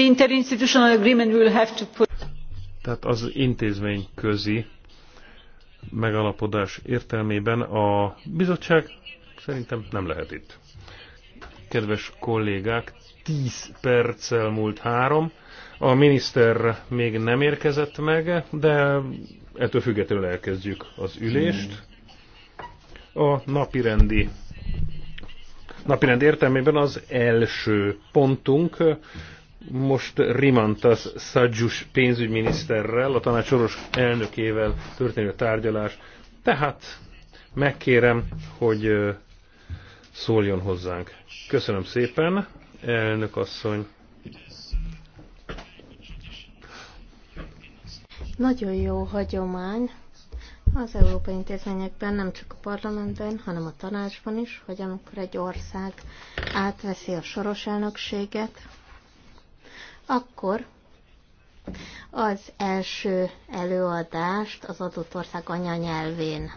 The interinstitutional agreement will have to put... Tehát az intézményközi megalapodás értelmében a bizottság szerintem nem lehet itt. Kedves kollégák, 10 perccel múlt három. A miniszter még nem érkezett meg, de ettől függetlenül elkezdjük az ülést. A napirendi napirend értelmében az első pontunk most Rimantas Szadzsus pénzügyminiszterrel, a tanácsoros elnökével történő tárgyalás. Tehát megkérem, hogy szóljon hozzánk. Köszönöm szépen, elnök asszony. Nagyon jó hagyomány az Európai Intézményekben, nem csak a parlamentben, hanem a tanácsban is, hogy amikor egy ország átveszi a soros elnökséget, akkor az első előadást az adott ország anyanyelvén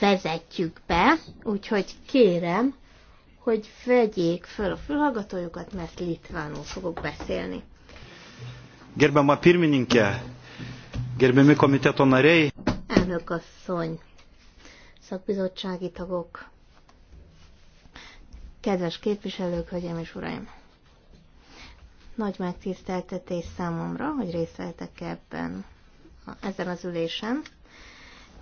vezetjük be, úgyhogy kérem, hogy vegyék föl a fülhallgatójukat, mert litvánul fogok beszélni. Gerbiama pirmininkė, gerbiami komiteto nariai. Elnök asszony, szakbizottsági tagok, kedves képviselők, hölgyeim és uraim! Nagy megtiszteltetés számomra, hogy részt vettek ebben, ezen az ülésen.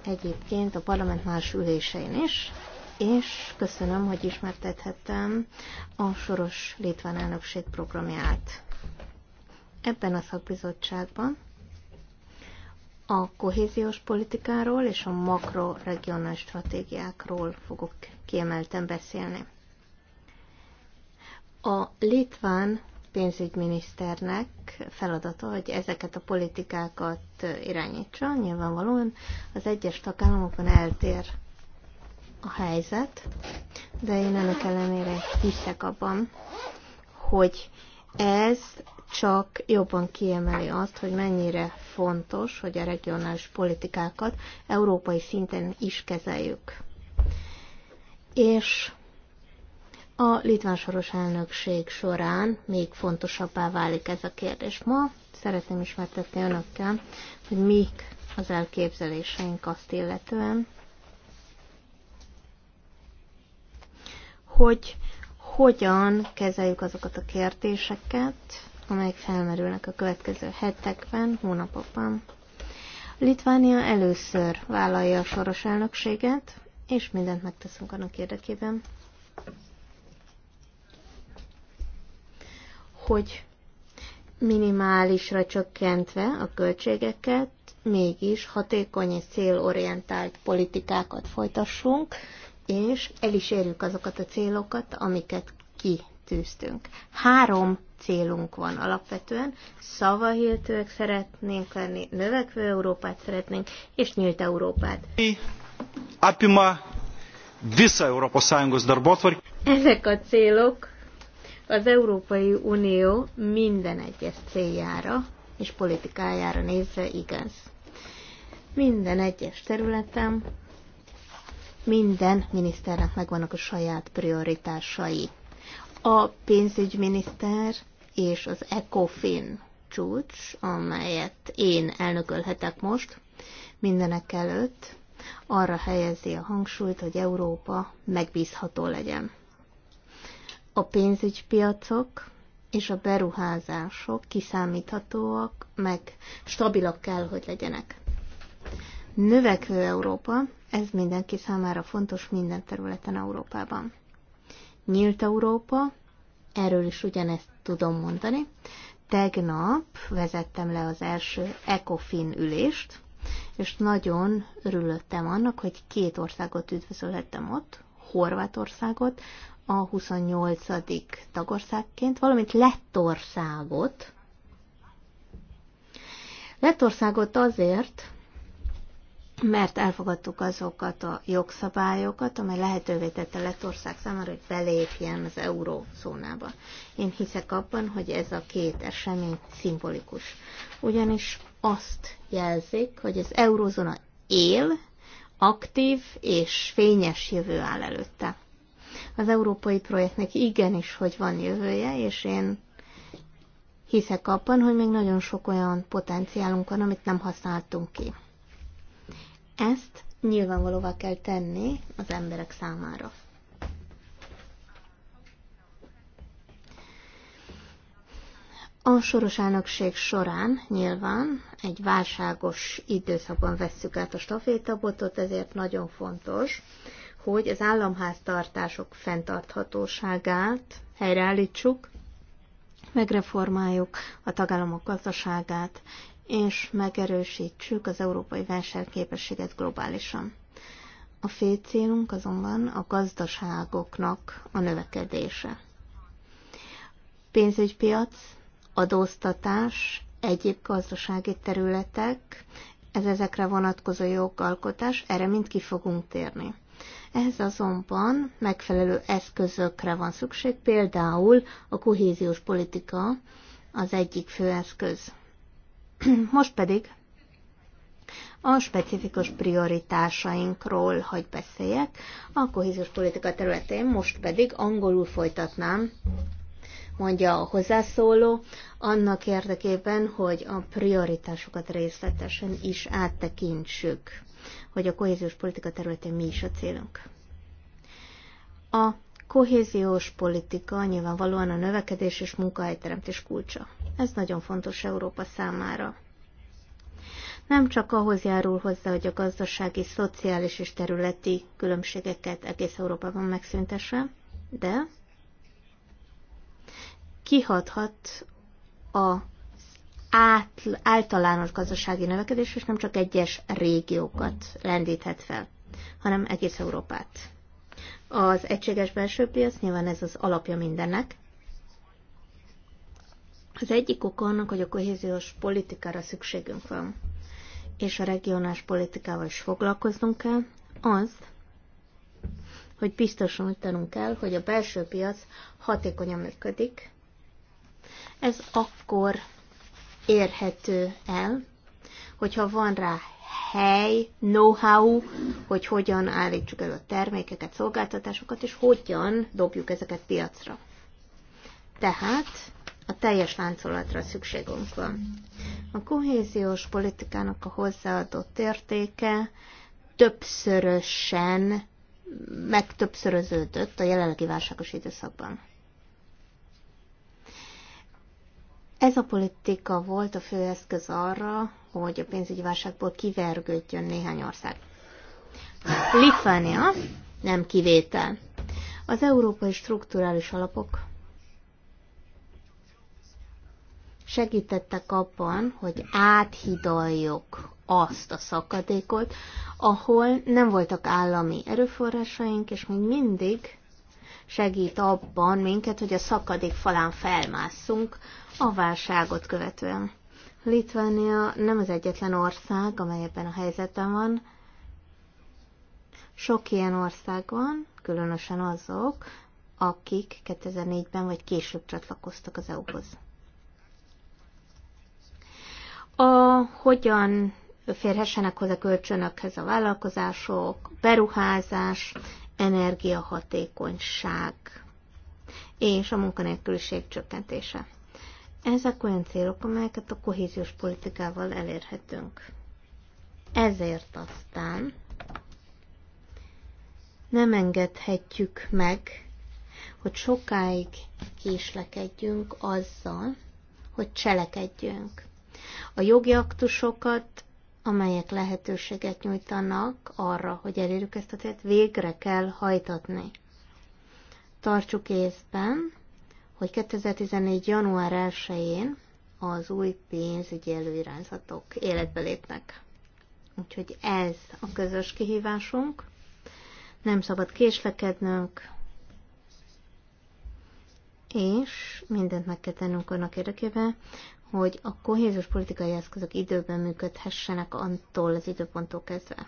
Egyébként a parlament más ülésein is, és köszönöm, hogy ismertethettem a soros litván elnökség programját. Ebben a szakbizottságban a kohéziós politikáról és a makroregionális stratégiákról fogok kiemelten beszélni. A litván pénzügyminiszternek feladata, hogy ezeket a politikákat irányítsa. Nyilvánvalóan az egyes tagállamokon eltér a helyzet, de én ennek ellenére hiszek abban, hogy ez csak jobban kiemeli azt, hogy mennyire fontos, hogy a regionális politikákat európai szinten is kezeljük. És a litván soros elnökség során még fontosabbá válik ez a kérdés. Ma szeretném ismertetni önökkel, hogy mik az elképzeléseink azt illetően, hogy hogyan kezeljük azokat a kérdéseket, amelyek felmerülnek a következő hetekben, hónapokban. Litvánia először vállalja a soros elnökséget, és mindent megteszünk annak érdekében, hogy minimálisra csökkentve a költségeket, mégis hatékony és célorientált politikákat folytassunk, és el is érjük azokat a célokat, amiket kitűztünk. Három célunk van alapvetően, szavahiltőek szeretnénk lenni, növekvő Európát szeretnénk, és nyílt Európát. Apima vissza Európa Sąjungos darbotvarkį. Ezek a célok az Európai Unió minden egyes céljára és politikájára nézve igaz. Minden egyes területen minden miniszternek megvannak a saját prioritásai. A pénzügyminiszter és az ECOFIN csúcs, amelyet én elnökölhetek most, mindenek előtt arra helyezi a hangsúlyt, hogy Európa megbízható legyen a pénzügypiacok és a beruházások kiszámíthatóak, meg stabilak kell, hogy legyenek. Növekvő Európa, ez mindenki számára fontos minden területen Európában. Nyílt Európa, erről is ugyanezt tudom mondani. Tegnap vezettem le az első ECOFIN ülést, és nagyon örülöttem annak, hogy két országot üdvözölhettem ott, Horvátországot, a 28. tagországként, valamint Lettországot. Lettországot azért, mert elfogadtuk azokat a jogszabályokat, amely lehetővé tette Lettország számára, hogy belépjen az eurózónába. Én hiszek abban, hogy ez a két esemény szimbolikus. Ugyanis azt jelzik, hogy az eurózóna él, aktív és fényes jövő áll előtte. Az európai projektnek igenis, hogy van jövője, és én hiszek abban, hogy még nagyon sok olyan potenciálunk van, amit nem használtunk ki. Ezt nyilvánvalóvá kell tenni az emberek számára. A soros elnökség során nyilván egy válságos időszakban vesszük át a stafétabotot, ezért nagyon fontos, hogy az államháztartások fenntarthatóságát helyreállítsuk, megreformáljuk a tagállamok gazdaságát, és megerősítsük az európai versenyképességet globálisan. A fő célunk azonban a gazdaságoknak a növekedése. Pénzügypiac, adóztatás, egyéb gazdasági területek, ez ezekre vonatkozó jogalkotás, erre mind ki fogunk térni. Ehhez azonban megfelelő eszközökre van szükség, például a kohéziós politika az egyik fő eszköz. Most pedig a specifikus prioritásainkról, hogy beszéljek, a kohéziós politika területén most pedig angolul folytatnám, mondja a hozzászóló, annak érdekében, hogy a prioritásokat részletesen is áttekintsük hogy a kohéziós politika területén mi is a célunk. A kohéziós politika nyilvánvalóan a növekedés és munkahelyteremtés kulcsa. Ez nagyon fontos Európa számára. Nem csak ahhoz járul hozzá, hogy a gazdasági, szociális és területi különbségeket egész Európában megszüntesse, de kihathat a át, általános gazdasági növekedés, és nem csak egyes régiókat rendíthet fel, hanem egész Európát. Az egységes belső piac nyilván ez az alapja mindennek. Az egyik oka annak, hogy a kohéziós politikára szükségünk van, és a regionális politikával is foglalkoznunk kell, az, hogy biztosítanunk kell, hogy a belső piac hatékonyan működik. Ez akkor érhető el, hogyha van rá hely, know-how, hogy hogyan állítsuk elő a termékeket, szolgáltatásokat, és hogyan dobjuk ezeket piacra. Tehát a teljes láncolatra szükségünk van. A kohéziós politikának a hozzáadott értéke többszörösen megtöbbszöröződött a jelenlegi válságos időszakban. Ez a politika volt a fő eszköz arra, hogy a pénzügyi válságból kivergődjön néhány ország. Litvánia nem kivétel. Az európai strukturális alapok segítettek abban, hogy áthidaljuk azt a szakadékot, ahol nem voltak állami erőforrásaink, és még mindig segít abban minket, hogy a szakadék falán felmásszunk, a válságot követően. Litvánia nem az egyetlen ország, amely ebben a helyzetben van. Sok ilyen ország van, különösen azok, akik 2004-ben vagy később csatlakoztak az EU-hoz. A hogyan férhessenek hozzá kölcsönökhez a vállalkozások, beruházás, energiahatékonyság és a munkanélküliség csökkentése. Ezek olyan célok, amelyeket a kohéziós politikával elérhetünk. Ezért aztán nem engedhetjük meg, hogy sokáig késlekedjünk azzal, hogy cselekedjünk. A jogi aktusokat, amelyek lehetőséget nyújtanak arra, hogy elérjük ezt a célt, végre kell hajtatni. Tartsuk észben, hogy 2014. január 1-én az új pénzügyi előirányzatok életbe lépnek. Úgyhogy ez a közös kihívásunk. Nem szabad késlekednünk, és mindent meg kell tennünk annak érdekében, hogy a kohéziós politikai eszközök időben működhessenek attól az időponttól kezdve.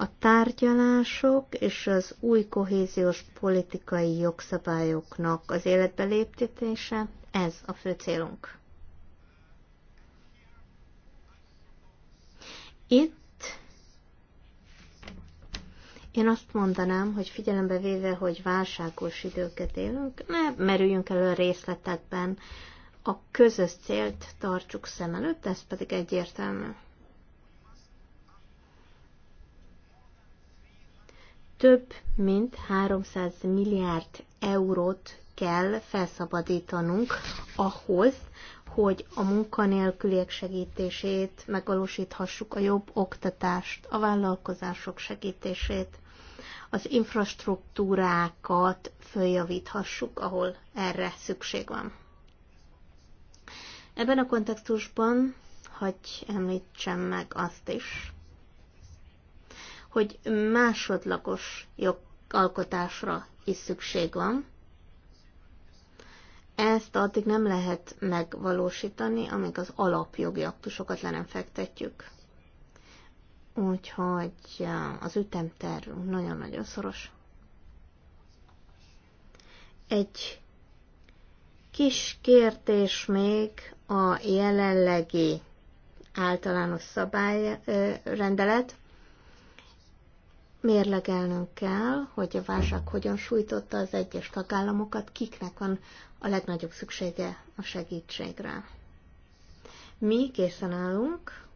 A tárgyalások és az új kohéziós politikai jogszabályoknak az életbe léptetése, ez a fő célunk. Itt én azt mondanám, hogy figyelembe véve, hogy válságos időket élünk, ne merüljünk elő a részletekben, a közös célt tartsuk szem előtt, ez pedig egyértelmű. több mint 300 milliárd eurót kell felszabadítanunk ahhoz, hogy a munkanélküliek segítését megvalósíthassuk, a jobb oktatást, a vállalkozások segítését, az infrastruktúrákat följavíthassuk, ahol erre szükség van. Ebben a kontextusban hagyj említsem meg azt is, hogy másodlagos jogalkotásra is szükség van. Ezt addig nem lehet megvalósítani, amíg az alapjogi aktusokat le nem fektetjük. Úgyhogy az ütemtervünk nagyon-nagyon szoros. Egy kis kérdés még a jelenlegi általános szabályrendelet mérlegelnünk kell, hogy a válság hogyan sújtotta az egyes tagállamokat, kiknek van a legnagyobb szüksége a segítségre. Mi készen állunk,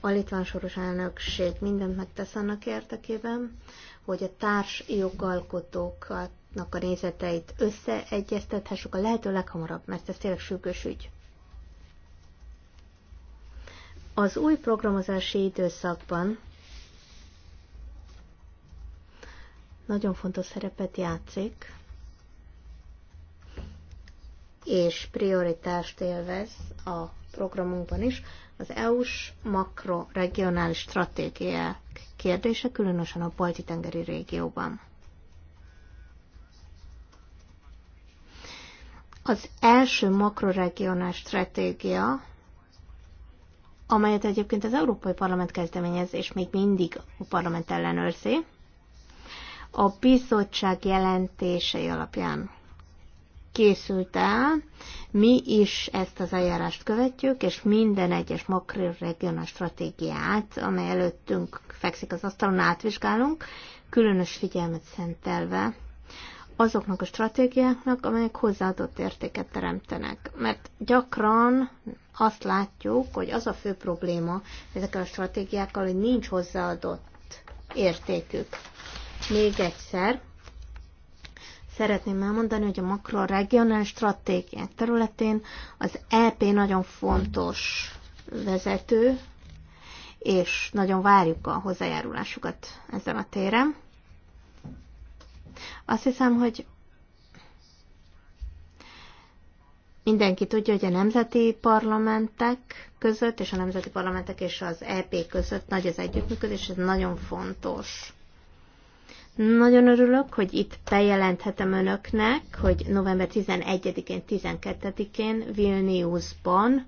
a litván soros elnökség mindent megtesz annak érdekében, hogy a társ jogalkotóknak a nézeteit összeegyeztethessük a lehető leghamarabb, mert ez tényleg sürgős ügy. Az új programozási időszakban nagyon fontos szerepet játszik, és prioritást élvez a programunkban is, az EU-s makroregionális stratégiák kérdése, különösen a balti-tengeri régióban. Az első makroregionális stratégia, amelyet egyébként az Európai Parlament kezdeményez, és még mindig a parlament ellenőrzi, a bizottság jelentései alapján készült el. Mi is ezt az eljárást követjük, és minden egyes makroregionális stratégiát, amely előttünk fekszik az asztalon, átvizsgálunk, különös figyelmet szentelve azoknak a stratégiáknak, amelyek hozzáadott értéket teremtenek. Mert gyakran azt látjuk, hogy az a fő probléma ezekkel a stratégiákkal, hogy nincs hozzáadott értékük. Még egyszer, szeretném elmondani, hogy a makroregionális stratégia területén az EP nagyon fontos vezető, és nagyon várjuk a hozzájárulásukat ezen a téren. Azt hiszem, hogy mindenki tudja, hogy a nemzeti parlamentek között, és a nemzeti parlamentek és az EP között nagy az együttműködés, ez nagyon fontos. Nagyon örülök, hogy itt bejelenthetem önöknek, hogy november 11-én, 12-én Vilniusban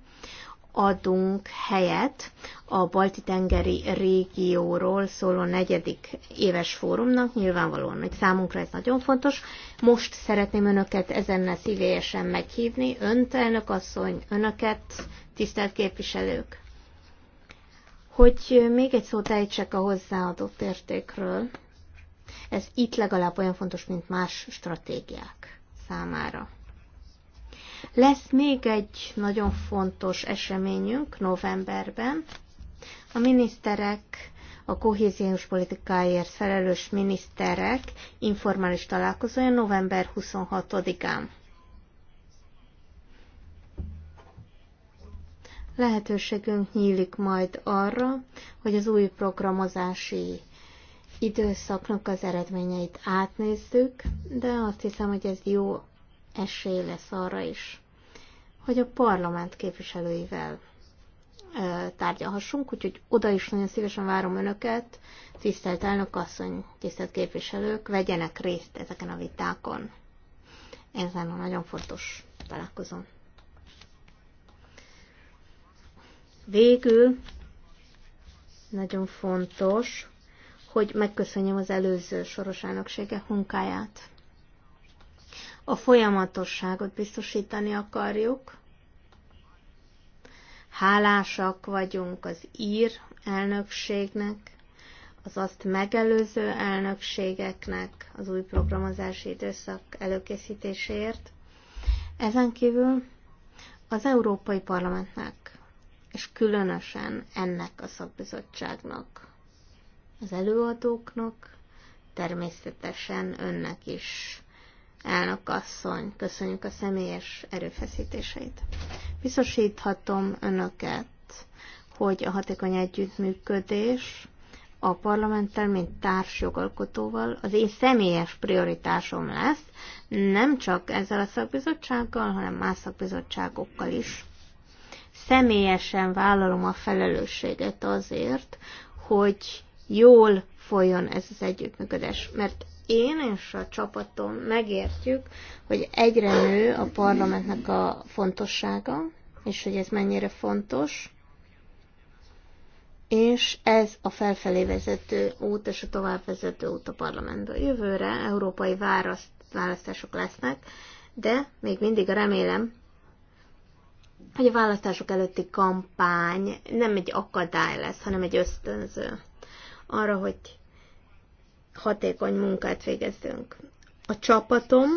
adunk helyet a Balti-tengeri régióról szóló negyedik éves fórumnak. Nyilvánvalóan, hogy számunkra ez nagyon fontos. Most szeretném önöket ezen szívélyesen meghívni, önt, elnök asszony, önöket, tisztelt képviselők. Hogy még egy szót ejtsek a hozzáadott értékről, ez itt legalább olyan fontos, mint más stratégiák számára. Lesz még egy nagyon fontos eseményünk novemberben. A miniszterek, a kohéziós politikáért felelős miniszterek informális találkozója november 26-án. Lehetőségünk nyílik majd arra, hogy az új programozási időszaknak az eredményeit átnézzük, de azt hiszem, hogy ez jó esély lesz arra is, hogy a parlament képviselőivel tárgyalhassunk, úgyhogy oda is nagyon szívesen várom Önöket, tisztelt elnök asszony, tisztelt képviselők, vegyenek részt ezeken a vitákon. Ez lenne nagyon fontos találkozom. Végül nagyon fontos, hogy megköszönjem az előző soros elnöksége munkáját. A folyamatosságot biztosítani akarjuk. Hálásak vagyunk az ír elnökségnek, az azt megelőző elnökségeknek az új programozási időszak előkészítéséért. Ezen kívül az Európai Parlamentnek, és különösen ennek a szakbizottságnak az előadóknak, természetesen önnek is, elnök asszony, köszönjük a személyes erőfeszítéseit. Biztosíthatom önöket, hogy a hatékony együttműködés a parlamenttel, mint társjogalkotóval az én személyes prioritásom lesz, nem csak ezzel a szakbizottsággal, hanem más szakbizottságokkal is. Személyesen vállalom a felelősséget azért, hogy jól folyjon ez az együttműködés. Mert én és a csapatom megértjük, hogy egyre nő a parlamentnek a fontossága, és hogy ez mennyire fontos, és ez a felfelé vezető út és a tovább vezető út a parlamentből. Jövőre európai választások lesznek, de még mindig remélem, hogy a választások előtti kampány nem egy akadály lesz, hanem egy ösztönző arra, hogy hatékony munkát végezzünk. A csapatom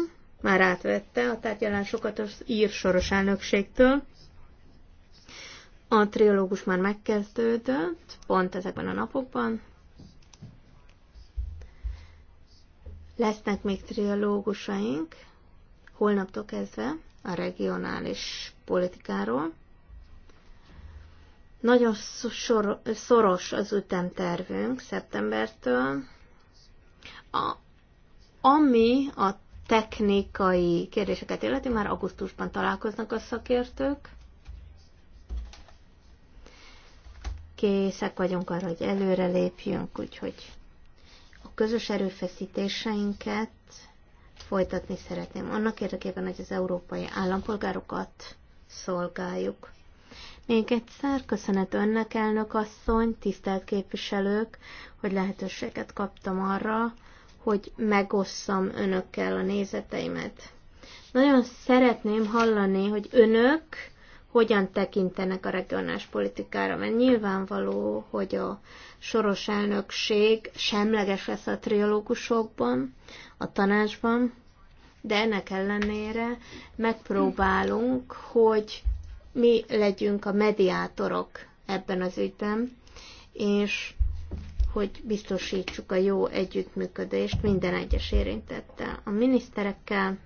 már átvette a tárgyalásokat az ír soros elnökségtől. A triológus már megkezdődött, pont ezekben a napokban. Lesznek még triológusaink, holnaptól kezdve a regionális politikáról. Nagyon sor, szoros az ütemtervünk szeptembertől, a, ami a technikai kérdéseket illeti, már augusztusban találkoznak a szakértők. Készek vagyunk arra, hogy előre lépjünk, úgyhogy a közös erőfeszítéseinket folytatni szeretném. Annak érdekében, hogy az európai állampolgárokat szolgáljuk. Még egyszer köszönet önnek, elnök asszony, tisztelt képviselők, hogy lehetőséget kaptam arra, hogy megosszam önökkel a nézeteimet. Nagyon szeretném hallani, hogy önök hogyan tekintenek a regionális politikára, mert nyilvánvaló, hogy a soros elnökség semleges lesz a triológusokban, a tanácsban, de ennek ellenére megpróbálunk, hogy mi legyünk a mediátorok ebben az ügyben, és hogy biztosítsuk a jó együttműködést minden egyes érintettel, a miniszterekkel,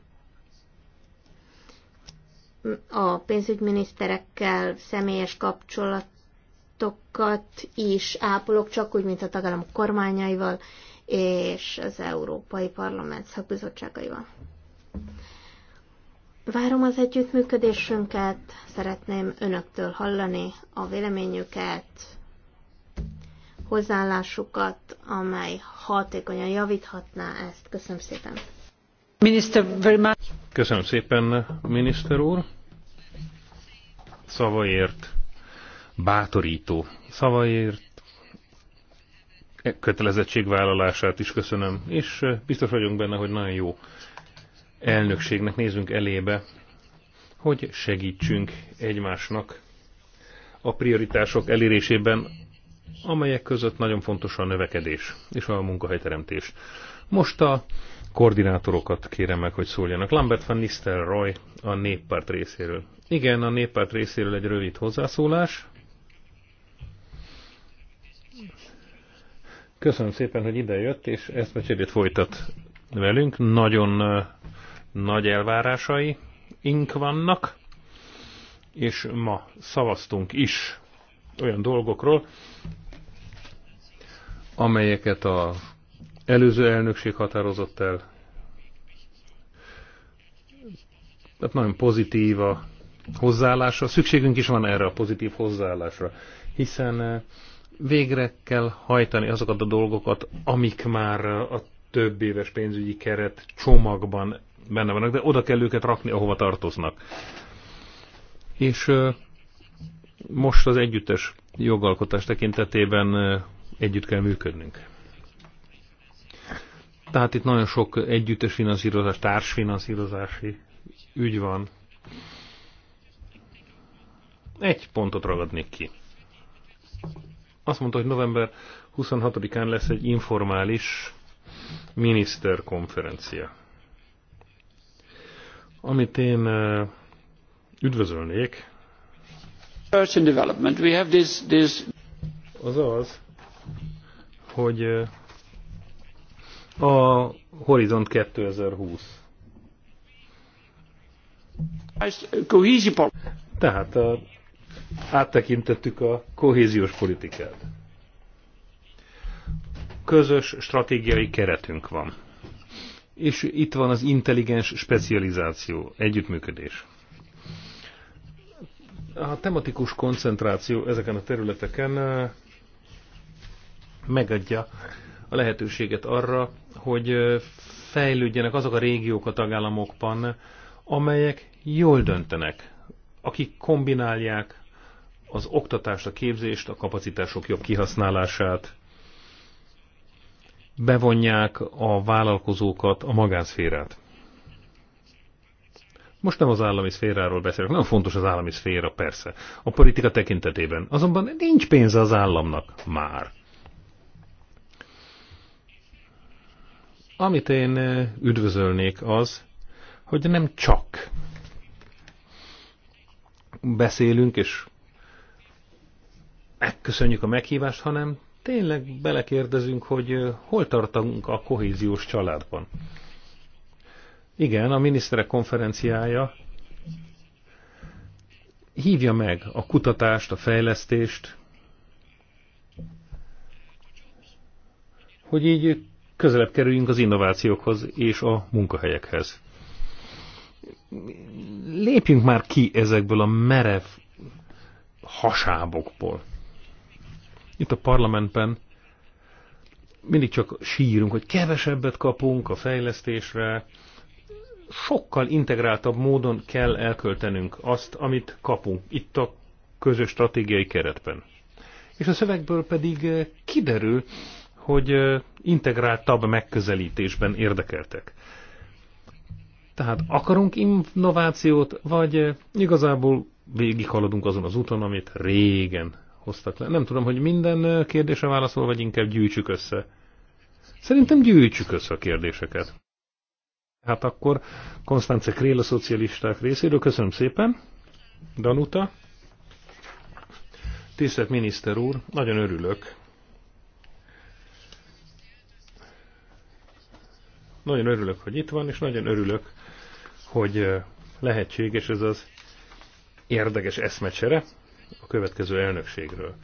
a pénzügyminiszterekkel személyes kapcsolatokat is ápolok, csak úgy, mint a tagállamok kormányaival és az Európai Parlament szakbizottságaival. Várom az együttműködésünket, szeretném önöktől hallani a véleményüket, hozzáállásukat, amely hatékonyan javíthatná ezt. Köszönöm szépen. Minister, very much. Köszönöm szépen, miniszter úr. Szavaért, bátorító szavaért, kötelezettségvállalását is köszönöm, és biztos vagyunk benne, hogy nagyon jó elnökségnek nézünk elébe, hogy segítsünk egymásnak a prioritások elérésében, amelyek között nagyon fontos a növekedés és a munkahelyteremtés. Most a koordinátorokat kérem meg, hogy szóljanak. Lambert van Nistelrooy a néppárt részéről. Igen, a néppárt részéről egy rövid hozzászólás. Köszönöm szépen, hogy idejött, és ezt a folytat velünk. Nagyon nagy ink vannak, és ma szavaztunk is olyan dolgokról, amelyeket a előző elnökség határozott el. Tehát nagyon pozitív a hozzáállása. Szükségünk is van erre a pozitív hozzáállásra, hiszen eh, végre kell hajtani azokat a dolgokat, amik már a több éves pénzügyi keret csomagban benne vannak, de oda kell őket rakni, ahova tartoznak. És most az együttes jogalkotás tekintetében együtt kell működnünk. Tehát itt nagyon sok együttes finanszírozás, társfinanszírozási ügy van. Egy pontot ragadnék ki. Azt mondta, hogy november 26-án lesz egy informális miniszterkonferencia. Amit én üdvözölnék, az az, hogy a Horizont 2020 tehát a, áttekintettük a kohéziós politikát. Közös stratégiai keretünk van és itt van az intelligens specializáció, együttműködés. A tematikus koncentráció ezeken a területeken megadja a lehetőséget arra, hogy fejlődjenek azok a régiók a tagállamokban, amelyek jól döntenek, akik kombinálják az oktatást, a képzést, a kapacitások jobb kihasználását, bevonják a vállalkozókat, a magánszférát. Most nem az állami szféráról beszélek, nagyon fontos az állami szféra persze, a politika tekintetében. Azonban nincs pénze az államnak már. Amit én eh, üdvözölnék az, hogy nem csak beszélünk és megköszönjük a meghívást, hanem tényleg belekérdezünk, hogy hol tartunk a kohéziós családban. Igen, a miniszterek konferenciája hívja meg a kutatást, a fejlesztést, hogy így közelebb kerüljünk az innovációkhoz és a munkahelyekhez. Lépjünk már ki ezekből a merev hasábokból itt a parlamentben mindig csak sírunk, hogy kevesebbet kapunk a fejlesztésre, sokkal integráltabb módon kell elköltenünk azt, amit kapunk itt a közös stratégiai keretben. És a szövegből pedig eh, kiderül, hogy eh, integráltabb megközelítésben érdekeltek. Tehát akarunk innovációt, vagy eh, igazából végighaladunk azon az úton, amit régen hoztak le. Nem tudom, hogy minden kérdése válaszol, vagy inkább gyűjtsük össze. Szerintem gyűjtsük össze a kérdéseket. Hát akkor Konstance Krél a szocialisták részéről. Köszönöm szépen. Danuta. Tisztelt miniszter úr, nagyon örülök. Nagyon örülök, hogy itt van, és nagyon örülök, hogy lehetséges ez az érdekes eszmecsere a következő elnökségről.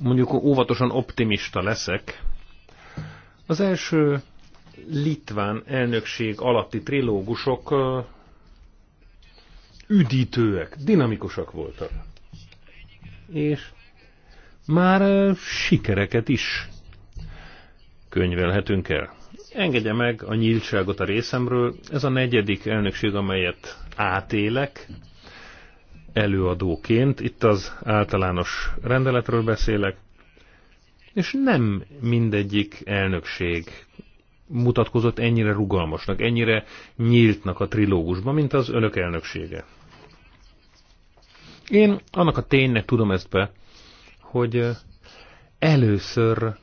Mondjuk óvatosan optimista leszek. Az első litván elnökség alatti trilógusok üdítőek, dinamikusak voltak. És már sikereket is könyvelhetünk el. Engedje meg a nyíltságot a részemről. Ez a negyedik elnökség, amelyet átélek előadóként. Itt az általános rendeletről beszélek, és nem mindegyik elnökség mutatkozott ennyire rugalmasnak, ennyire nyíltnak a trilógusban, mint az önök elnöksége. Én annak a ténynek tudom ezt be, hogy először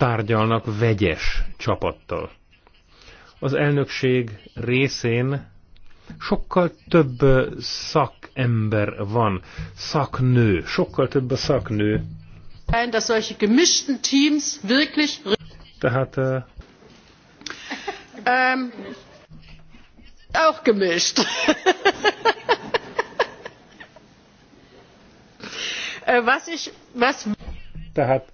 tárgyalnak vegyes csapattal. Az elnökség részén sokkal több szakember van, szaknő, sokkal több a szaknő. Tehát ähm, auch gemischt. Äh, was ich, was... Tehát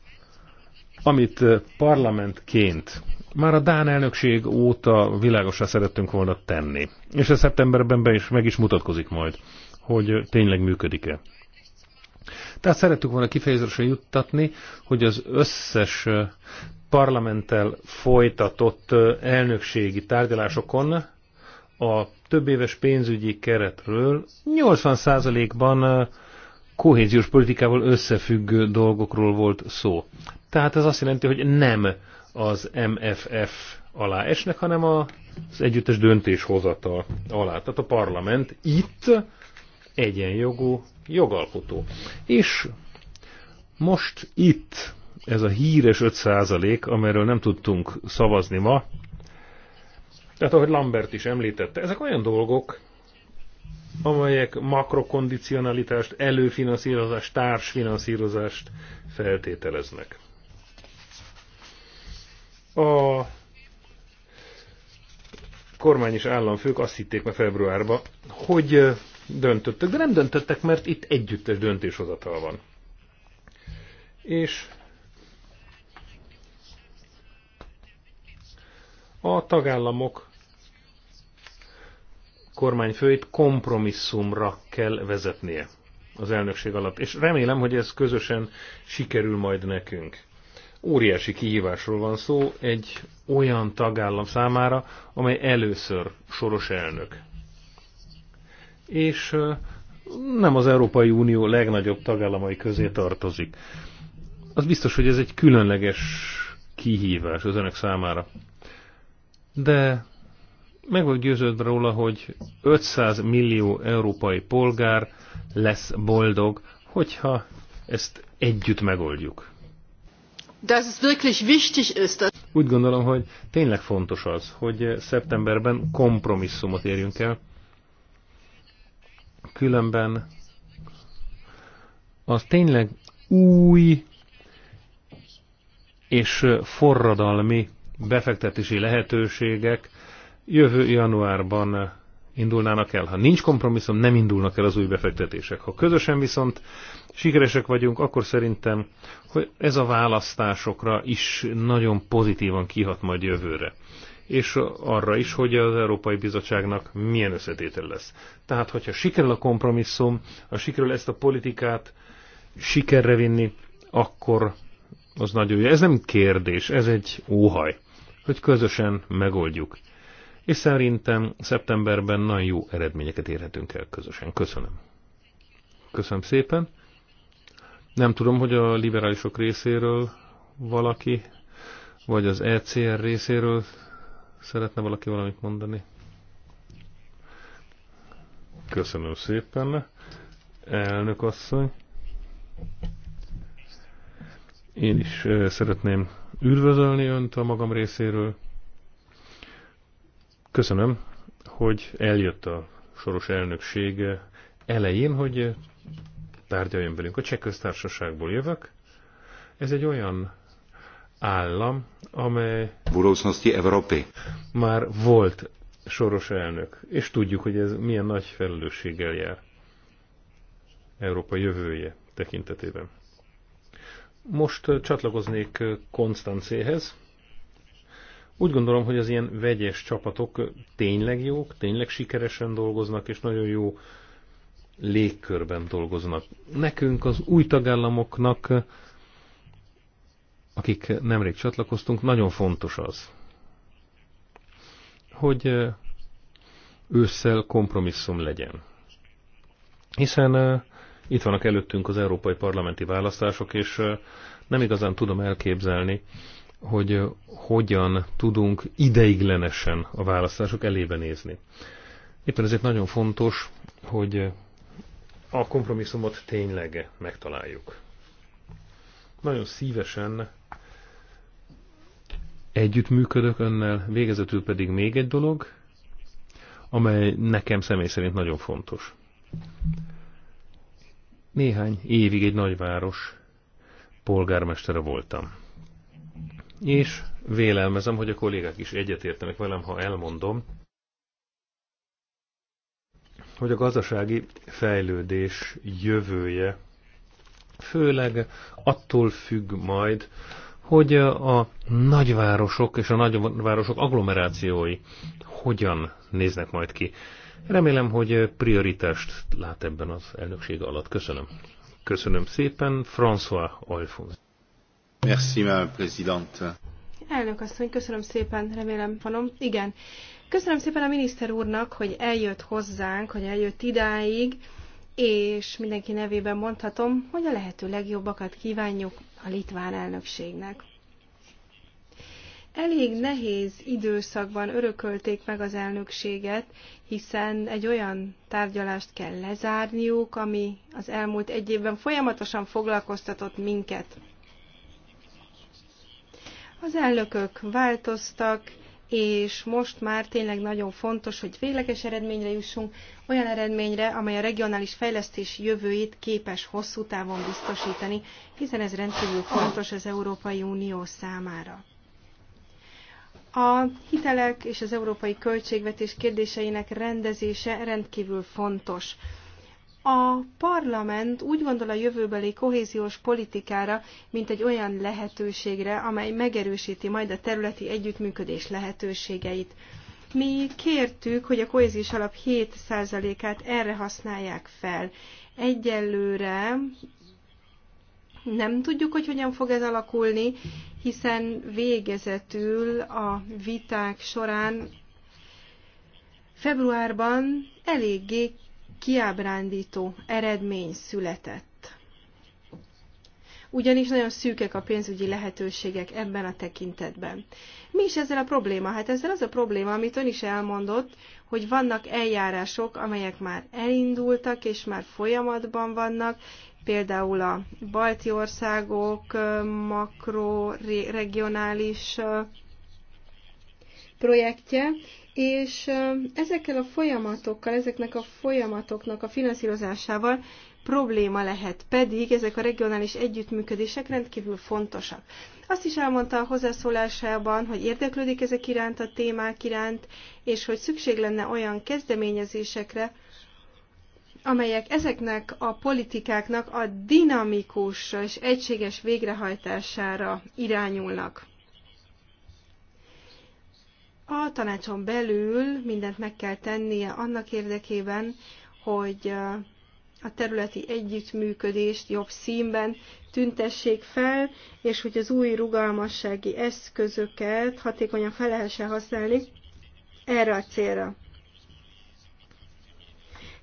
amit parlamentként már a Dán elnökség óta világosra szerettünk volna tenni. És ez szeptemberben be is, meg is mutatkozik majd, hogy tényleg működik-e. Tehát szerettük volna kifejezésre juttatni, hogy az összes parlamenttel folytatott elnökségi tárgyalásokon a több éves pénzügyi keretről 80%-ban kohéziós politikával összefüggő dolgokról volt szó. Tehát ez azt jelenti, hogy nem az MFF alá esnek, hanem az együttes döntéshozatal alá. Tehát a parlament itt egyenjogú jogalkotó. És most itt ez a híres 5 amiről nem tudtunk szavazni ma, tehát ahogy Lambert is említette, ezek olyan dolgok, amelyek makrokondicionalitást, előfinanszírozást, társfinanszírozást feltételeznek. A kormány és államfők azt hitték meg februárban, hogy döntöttek, de nem döntöttek, mert itt együttes döntéshozatal van. És a tagállamok kormányfőit kompromisszumra kell vezetnie az elnökség alatt. És remélem, hogy ez közösen sikerül majd nekünk. Óriási kihívásról van szó egy olyan tagállam számára, amely először soros elnök. És nem az Európai Unió legnagyobb tagállamai közé tartozik. Az biztos, hogy ez egy különleges kihívás az önök számára. De meg vagy győződve róla, hogy 500 millió európai polgár lesz boldog, hogyha ezt együtt megoldjuk úgy gondolom, hogy tényleg fontos az, hogy szeptemberben kompromisszumot érjünk el. Különben az tényleg új és forradalmi befektetési lehetőségek jövő januárban indulnának el. Ha nincs kompromisszum, nem indulnak el az új befektetések. Ha közösen viszont sikeresek vagyunk, akkor szerintem hogy ez a választásokra is nagyon pozitívan kihat majd jövőre és arra is, hogy az Európai Bizottságnak milyen összetétel lesz. Tehát, hogyha sikerül a kompromisszum, ha sikerül ezt a politikát sikerre vinni, akkor az nagyon jó. Ez nem kérdés, ez egy óhaj, hogy közösen megoldjuk és szerintem szeptemberben nagyon jó eredményeket érhetünk el közösen. Köszönöm. Köszönöm szépen. Nem tudom, hogy a liberálisok részéről valaki, vagy az ECR részéről szeretne valaki valamit mondani. Köszönöm szépen, elnök asszony. Én is eh, szeretném üdvözölni Önt a magam részéről, Köszönöm, hogy eljött a soros elnökség elején, hogy tárgyaljon velünk. A cseh köztársaságból jövök. Ez egy olyan állam, amely... Már volt soros elnök, és tudjuk, hogy ez milyen nagy felelősséggel jár Európa jövője tekintetében. Most csatlakoznék Konstancéhez, úgy gondolom, hogy az ilyen vegyes csapatok tényleg jók, tényleg sikeresen dolgoznak, és nagyon jó légkörben dolgoznak. Nekünk, az új tagállamoknak, akik nemrég csatlakoztunk, nagyon fontos az, hogy ősszel kompromisszum legyen. Hiszen itt vannak előttünk az európai parlamenti választások, és nem igazán tudom elképzelni, hogy hogyan tudunk ideiglenesen a választások elébe nézni. Éppen ezért nagyon fontos, hogy a kompromisszumot tényleg megtaláljuk. Nagyon szívesen együttműködök önnel, végezetül pedig még egy dolog, amely nekem személy szerint nagyon fontos. Néhány évig egy nagyváros polgármestere voltam és vélelmezem, hogy a kollégák is egyetértenek velem, ha elmondom, hogy a gazdasági fejlődés jövője főleg attól függ majd, hogy a nagyvárosok és a nagyvárosok agglomerációi hogyan néznek majd ki. Remélem, hogy prioritást lát ebben az elnökség alatt. Köszönöm. Köszönöm szépen, François Alphonse. Merci, Madame Présidente. Elnök asszony, köszönöm szépen, remélem vanom. Igen. Köszönöm szépen a miniszter úrnak, hogy eljött hozzánk, hogy eljött idáig, és mindenki nevében mondhatom, hogy a lehető legjobbakat kívánjuk a litván elnökségnek. Elég nehéz időszakban örökölték meg az elnökséget, hiszen egy olyan tárgyalást kell lezárniuk, ami az elmúlt egy évben folyamatosan foglalkoztatott minket. Az elnökök változtak, és most már tényleg nagyon fontos, hogy végleges eredményre jussunk, olyan eredményre, amely a regionális fejlesztés jövőjét képes hosszú távon biztosítani, hiszen ez rendkívül fontos az Európai Unió számára. A hitelek és az európai költségvetés kérdéseinek rendezése rendkívül fontos a parlament úgy gondol a jövőbeli kohéziós politikára, mint egy olyan lehetőségre, amely megerősíti majd a területi együttműködés lehetőségeit. Mi kértük, hogy a kohéziós alap 7%-át erre használják fel. Egyelőre nem tudjuk, hogy hogyan fog ez alakulni, hiszen végezetül a viták során februárban eléggé kiábrándító eredmény született. Ugyanis nagyon szűkek a pénzügyi lehetőségek ebben a tekintetben. Mi is ezzel a probléma? Hát ezzel az a probléma, amit ön is elmondott, hogy vannak eljárások, amelyek már elindultak és már folyamatban vannak, például a balti országok makroregionális projektje, és ezekkel a folyamatokkal, ezeknek a folyamatoknak a finanszírozásával probléma lehet, pedig ezek a regionális együttműködések rendkívül fontosak. Azt is elmondta a hozzászólásában, hogy érdeklődik ezek iránt, a témák iránt, és hogy szükség lenne olyan kezdeményezésekre, amelyek ezeknek a politikáknak a dinamikus és egységes végrehajtására irányulnak. A tanácson belül mindent meg kell tennie annak érdekében, hogy a területi együttműködést jobb színben tüntessék fel, és hogy az új rugalmassági eszközöket hatékonyan fel lehessen használni erre a célra.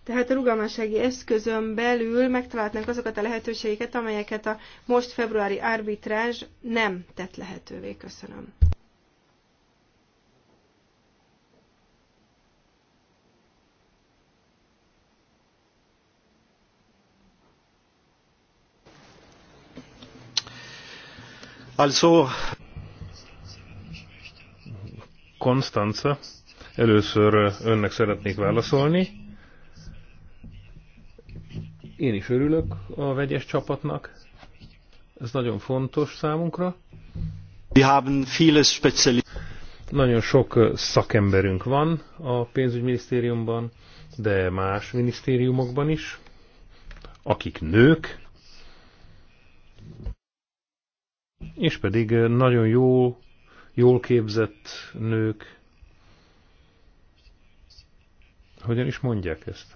Tehát a rugalmassági eszközön belül megtalálhatnánk azokat a lehetőségeket, amelyeket a most februári arbitrázs nem tett lehetővé. Köszönöm. Also Konstanza először önnek szeretnék válaszolni. Én is örülök a vegyes csapatnak. Ez nagyon fontos számunkra. Wir haben nagyon sok szakemberünk van a pénzügyminisztériumban, de más minisztériumokban is, akik nők, és pedig nagyon jó, jól képzett nők, hogyan is mondják ezt?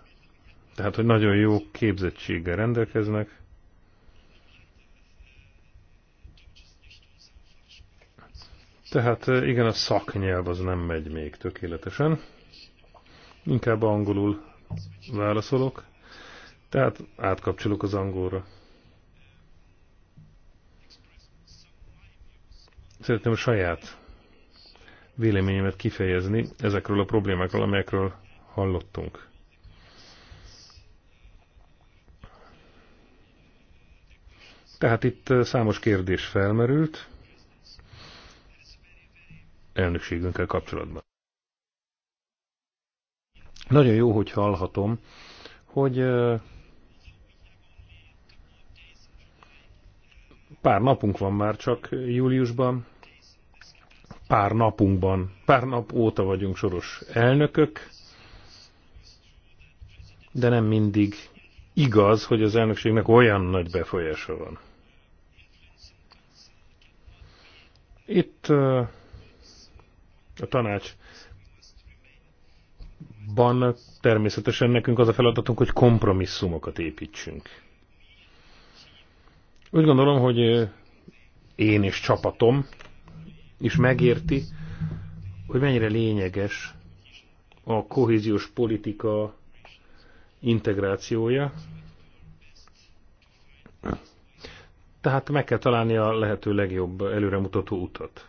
Tehát, hogy nagyon jó képzettséggel rendelkeznek, Tehát igen, a szaknyelv az nem megy még tökéletesen. Inkább angolul válaszolok, tehát átkapcsolok az angolra. Szeretném a saját véleményemet kifejezni ezekről a problémákról, amelyekről hallottunk. Tehát itt számos kérdés felmerült elnökségünkkel kapcsolatban. Nagyon jó, hogy hallhatom, hogy pár napunk van már csak júliusban, pár napunkban, pár nap óta vagyunk soros elnökök, de nem mindig igaz, hogy az elnökségnek olyan nagy befolyása van. Itt a tanács természetesen nekünk az a feladatunk, hogy kompromisszumokat építsünk. Úgy gondolom, hogy én és csapatom is megérti, hogy mennyire lényeges a kohéziós politika integrációja. Tehát meg kell találni a lehető legjobb előremutató utat.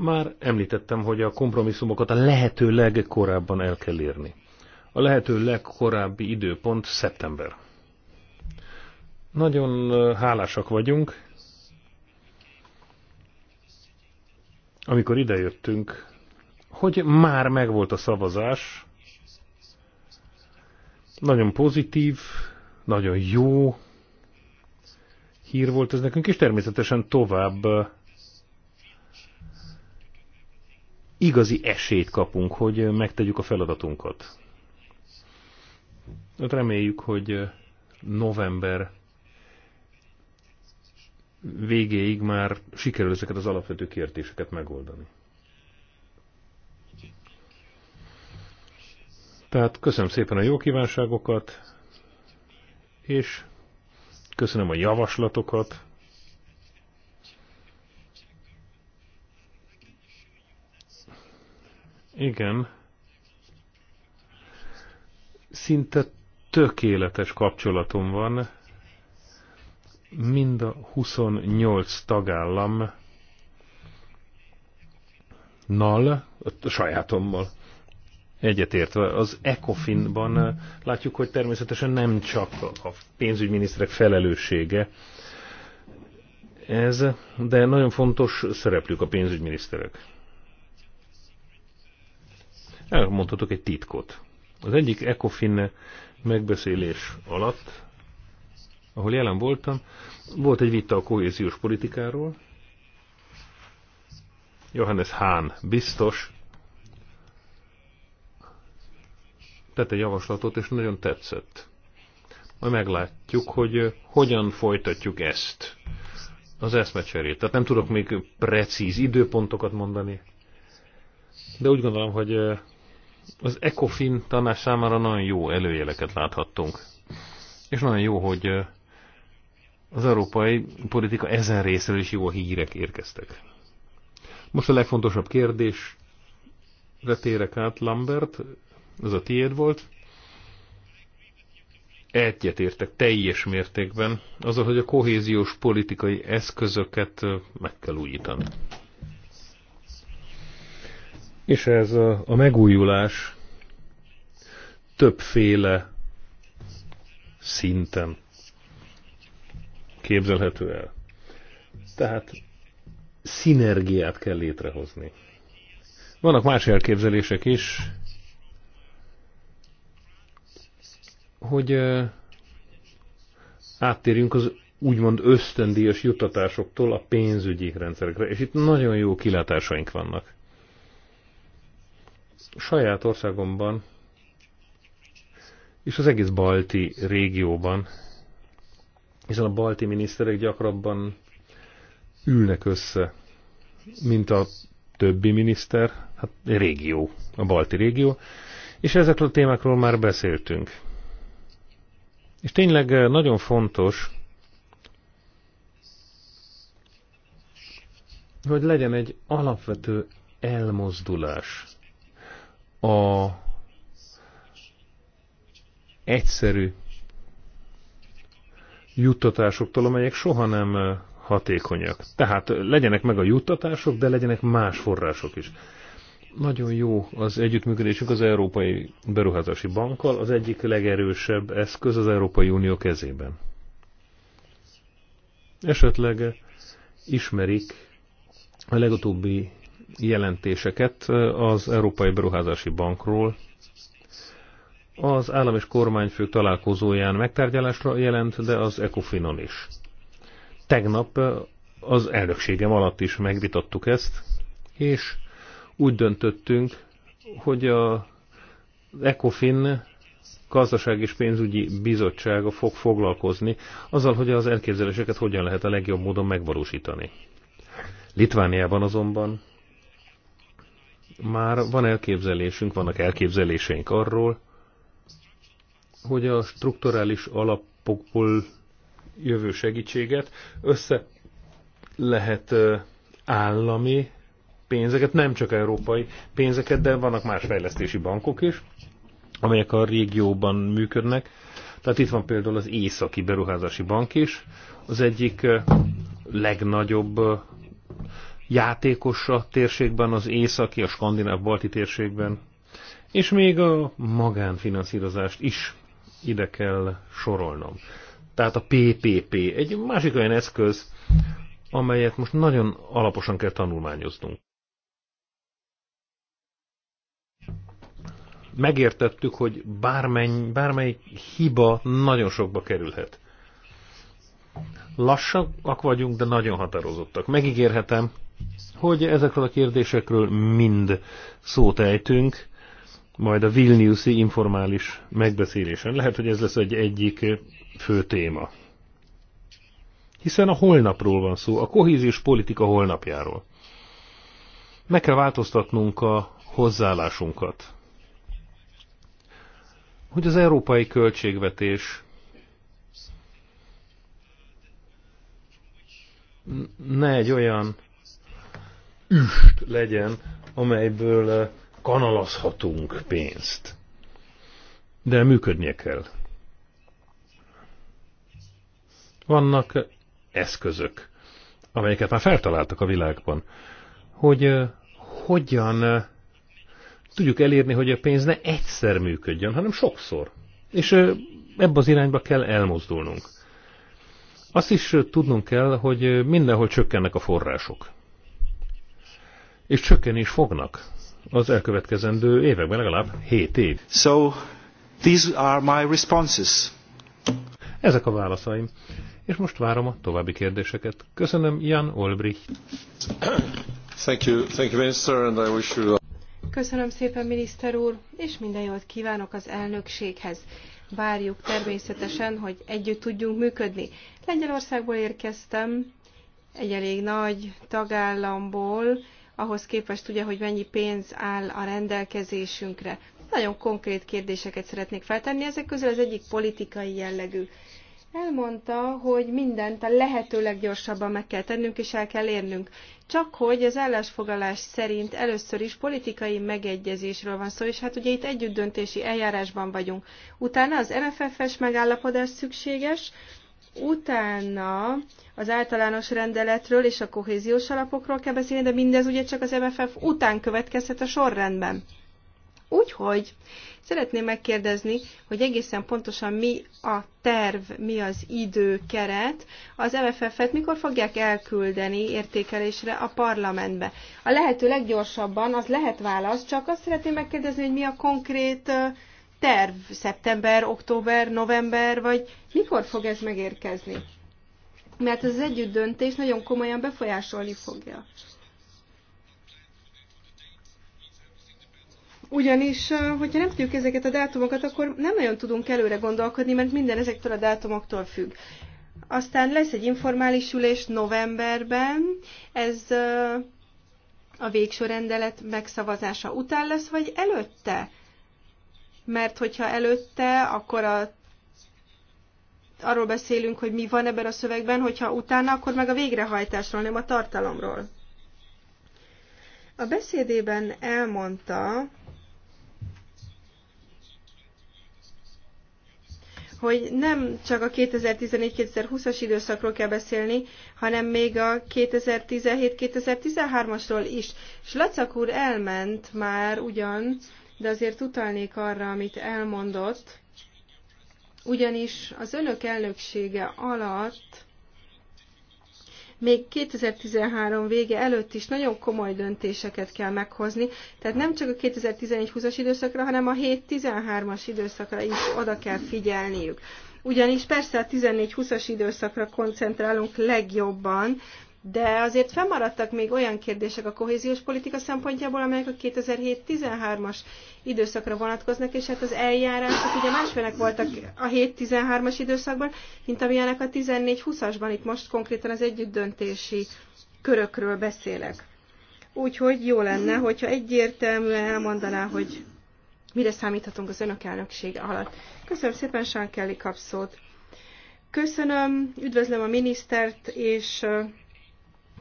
Már említettem, hogy a kompromisszumokat a lehető legkorábban el kell érni. A lehető legkorábbi időpont szeptember. Nagyon hálásak vagyunk. Amikor idejöttünk, hogy már megvolt a szavazás, nagyon pozitív, nagyon jó hír volt ez nekünk, és természetesen tovább igazi esélyt kapunk, hogy megtegyük a feladatunkat. Ott hát reméljük, hogy november végéig már sikerül ezeket az alapvető kérdéseket megoldani. Tehát köszönöm szépen a jó kívánságokat, és köszönöm a javaslatokat, Igen. Szinte tökéletes kapcsolatom van. Mind a 28 tagállam nal, a sajátommal egyetértve. Az ECOFIN-ban eh, látjuk, hogy természetesen nem csak a pénzügyminiszterek felelőssége ez, de nagyon fontos szereplők a pénzügyminiszterek elmondhatok egy titkot. Az egyik ECOFIN megbeszélés alatt, ahol jelen voltam, volt egy vita a kohéziós politikáról. Johannes Hahn biztos tette egy javaslatot, és nagyon tetszett. Majd meglátjuk, hogy eh, hogyan folytatjuk ezt, az eszmecserét. Tehát nem tudok még precíz időpontokat mondani, de úgy gondolom, hogy eh, az ECOFIN tanács számára nagyon jó előjeleket láthattunk. És nagyon jó, hogy az európai politika ezen részről is jó hírek érkeztek. Most a legfontosabb kérdés, térek át, Lambert, ez a tiéd volt. Egyetértek teljes mértékben azzal, hogy a kohéziós politikai eszközöket meg kell újítani. És ez a, a megújulás többféle szinten képzelhető el. Tehát szinergiát kell létrehozni. Vannak más elképzelések is, hogy eh, áttérjünk az úgymond ösztöndíjas juttatásoktól a pénzügyi rendszerekre, és itt nagyon jó kilátásaink vannak saját országomban és az egész balti régióban, hiszen a balti miniszterek gyakrabban ülnek össze, mint a többi miniszter, hát régió, a balti régió, és ezekről a témákról már beszéltünk. És tényleg eh, nagyon fontos, hogy legyen egy alapvető elmozdulás a egyszerű juttatásoktól, amelyek soha nem hatékonyak. Tehát legyenek meg a juttatások, de legyenek más források is. Nagyon jó az együttműködésük az Európai Beruházási Bankkal, az egyik legerősebb eszköz az Európai Unió kezében. Esetleg ismerik a legutóbbi jelentéseket az Európai Beruházási Bankról. Az állam és kormányfők találkozóján megtárgyalásra jelent, de az Ecofinon is. Tegnap az elnökségem alatt is megvitattuk ezt, és úgy döntöttünk, hogy a Ecofin gazdaság és pénzügyi bizottsága fog foglalkozni azzal, hogy az elképzeléseket hogyan lehet a legjobb módon megvalósítani. Litvániában azonban már van elképzelésünk, vannak elképzeléseink arról, hogy a strukturális alapokból jövő segítséget össze lehet állami pénzeket, nem csak európai pénzeket, de vannak más fejlesztési bankok is, amelyek a régióban működnek. Tehát itt van például az Északi Beruházási Bank is, az egyik legnagyobb játékos a térségben, az északi, a skandináv-balti térségben, és még a magánfinanszírozást is ide kell sorolnom. Tehát a PPP egy másik olyan eszköz, amelyet most nagyon alaposan kell tanulmányoznunk. Megértettük, hogy bármely, bármely hiba nagyon sokba kerülhet. Lassak vagyunk, de nagyon határozottak. Megígérhetem, hogy ezekről a kérdésekről mind szót ejtünk, majd a Vilniuszi informális megbeszélésen. Lehet, hogy ez lesz egy egyik fő téma. Hiszen a holnapról van szó, a kohéziós politika holnapjáról. Meg kell változtatnunk a hozzáállásunkat. Hogy az európai költségvetés ne egy olyan üst legyen, amelyből eh, kanalazhatunk pénzt. De működnie kell. Vannak eh, eszközök, amelyeket már feltaláltak a világban, hogy eh, hogyan tudjuk elérni, hogy a pénz ne egyszer működjön, hanem sokszor. És ebbe az irányba kell elmozdulnunk. Azt is tudnunk kell, hogy mindenhol csökkennek a források és csökkenni is fognak az elkövetkezendő években, legalább 7 év. So, these are my responses. Ezek a válaszaim. És most várom a további kérdéseket. Köszönöm, Jan Olbricht. Thank you, thank you, minister, and I wish you... Köszönöm szépen, miniszter úr, és minden jót kívánok az elnökséghez. Várjuk természetesen, hogy együtt tudjunk működni. Lengyelországból érkeztem, egy elég nagy tagállamból, ahhoz képest ugye, hogy mennyi pénz áll a rendelkezésünkre. Nagyon konkrét kérdéseket szeretnék feltenni, ezek közül az egyik politikai jellegű. Elmondta, hogy mindent a lehető leggyorsabban meg kell tennünk és el kell érnünk. Csak hogy az állásfoglalás szerint először is politikai megegyezésről van szó, és hát ugye itt együttdöntési eljárásban vagyunk. Utána az MFF-es megállapodás szükséges, utána az általános rendeletről és a kohéziós alapokról kell beszélni, de mindez ugye csak az MFF után következhet a sorrendben. Úgyhogy szeretném megkérdezni, hogy egészen pontosan mi a terv, mi az időkeret, az MFF-et mikor fogják elküldeni értékelésre a parlamentbe. A lehető leggyorsabban az lehet válasz, csak azt szeretném megkérdezni, hogy mi a konkrét terv? Szeptember, október, november, vagy mikor fog ez megérkezni? Mert ez az együtt döntés nagyon komolyan befolyásolni fogja. Ugyanis, hogyha nem tudjuk ezeket a dátumokat, akkor nem nagyon tudunk előre gondolkodni, mert minden ezektől a dátumoktól függ. Aztán lesz egy informális ülés novemberben, ez a végső rendelet megszavazása után lesz, vagy előtte? mert hogyha előtte, akkor a arról beszélünk, hogy mi van ebben a szövegben, hogyha utána, akkor meg a végrehajtásról, nem a tartalomról. A beszédében elmondta, hogy nem csak a 2014-2020-as időszakról kell beszélni, hanem még a 2017-2013-asról is. És Lacak úr elment már ugyan, de azért utalnék arra, amit elmondott, ugyanis az önök elnöksége alatt még 2013 vége előtt is nagyon komoly döntéseket kell meghozni, tehát nem csak a 2014-20-as időszakra, hanem a 7-13-as időszakra is oda kell figyelniük. Ugyanis persze a 14-20-as időszakra koncentrálunk legjobban, de azért fennmaradtak még olyan kérdések a kohéziós politika szempontjából, amelyek a 2007-13-as időszakra vonatkoznak, és hát az eljárások ugye másfélek voltak a 7-13-as időszakban, mint amilyenek a 14-20-asban, itt most konkrétan az együttdöntési körökről beszélek. Úgyhogy jó lenne, hogyha egyértelműen elmondaná, hogy mire számíthatunk az önök elnöksége alatt. Köszönöm szépen, Sán Kelly kapszót. Köszönöm, üdvözlöm a minisztert, és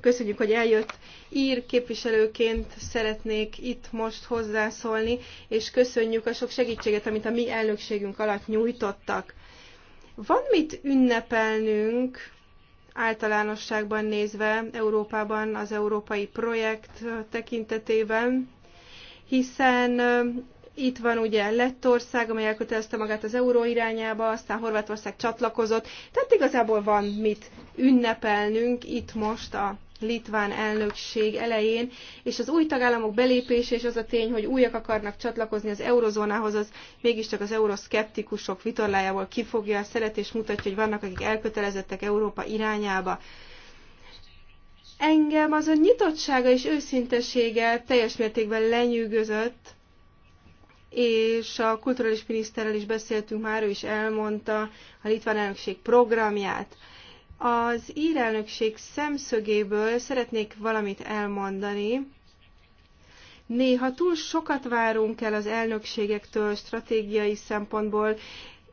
Köszönjük, hogy eljött. Ír képviselőként szeretnék itt most hozzászólni, és köszönjük a sok segítséget, amit a mi elnökségünk alatt nyújtottak. Van mit ünnepelnünk általánosságban nézve Európában, az európai projekt tekintetében, hiszen itt van ugye Lettország, amely elkötelezte magát az euró irányába, aztán Horvátország csatlakozott, tehát igazából van mit ünnepelnünk itt most a litván elnökség elején, és az új tagállamok belépése és az a tény, hogy újak akarnak csatlakozni az eurozónához, az mégiscsak az euroszkeptikusok vitorlájából kifogja a szeret, és mutatja, hogy vannak, akik elkötelezettek Európa irányába. Engem az a nyitottsága és őszintessége teljes mértékben lenyűgözött, és a kulturális miniszterrel is beszéltünk már, ő is elmondta a litván elnökség programját. Az írelnökség szemszögéből szeretnék valamit elmondani. Néha túl sokat várunk el az elnökségektől stratégiai szempontból,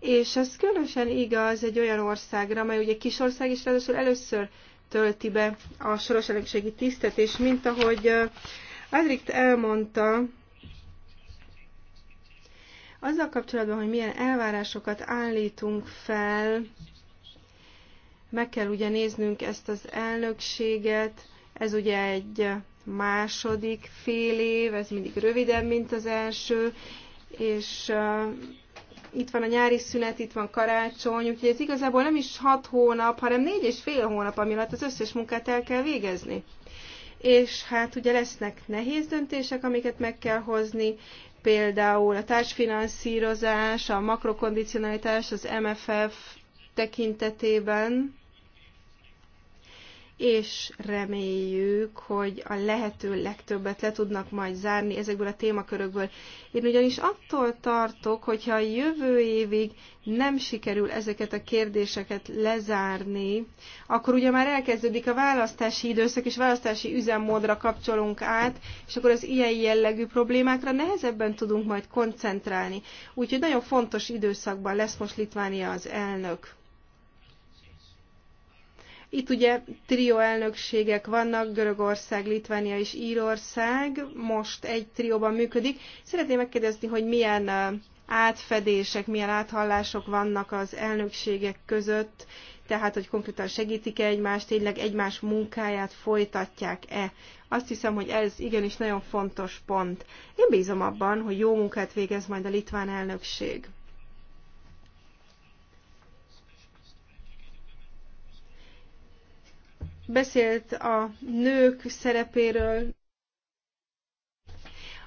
és ez különösen igaz egy olyan országra, mely ugye kis ország is ráadásul először tölti be a soros elnökségi tisztet, és mint ahogy Adrikt elmondta, azzal kapcsolatban, hogy milyen elvárásokat állítunk fel meg kell ugye néznünk ezt az elnökséget, ez ugye egy második fél év, ez mindig rövidebb, mint az első, és uh, itt van a nyári szünet, itt van karácsony, úgyhogy ez igazából nem is hat hónap, hanem négy és fél hónap, ami alatt az összes munkát el kell végezni. És hát ugye lesznek nehéz döntések, amiket meg kell hozni, például a társfinanszírozás, a makrokondicionalitás, az MFF tekintetében, és reméljük, hogy a lehető legtöbbet le tudnak majd zárni ezekből a témakörökből. Én ugyanis attól tartok, hogyha a jövő évig nem sikerül ezeket a kérdéseket lezárni, akkor ugye már elkezdődik a választási időszak, és választási üzemmódra kapcsolunk át, és akkor az ilyen jellegű problémákra nehezebben tudunk majd koncentrálni. Úgyhogy nagyon fontos időszakban lesz most Litvánia az elnök. Itt ugye trió elnökségek vannak, Görögország, Litvánia és Írország, most egy trióban működik. Szeretném megkérdezni, hogy milyen átfedések, milyen áthallások vannak az elnökségek között, tehát hogy konkrétan segítik-e egymást, tényleg egymás munkáját folytatják-e. Azt hiszem, hogy ez igenis nagyon fontos pont. Én bízom abban, hogy jó munkát végez majd a litván elnökség. Beszélt a nők szerepéről,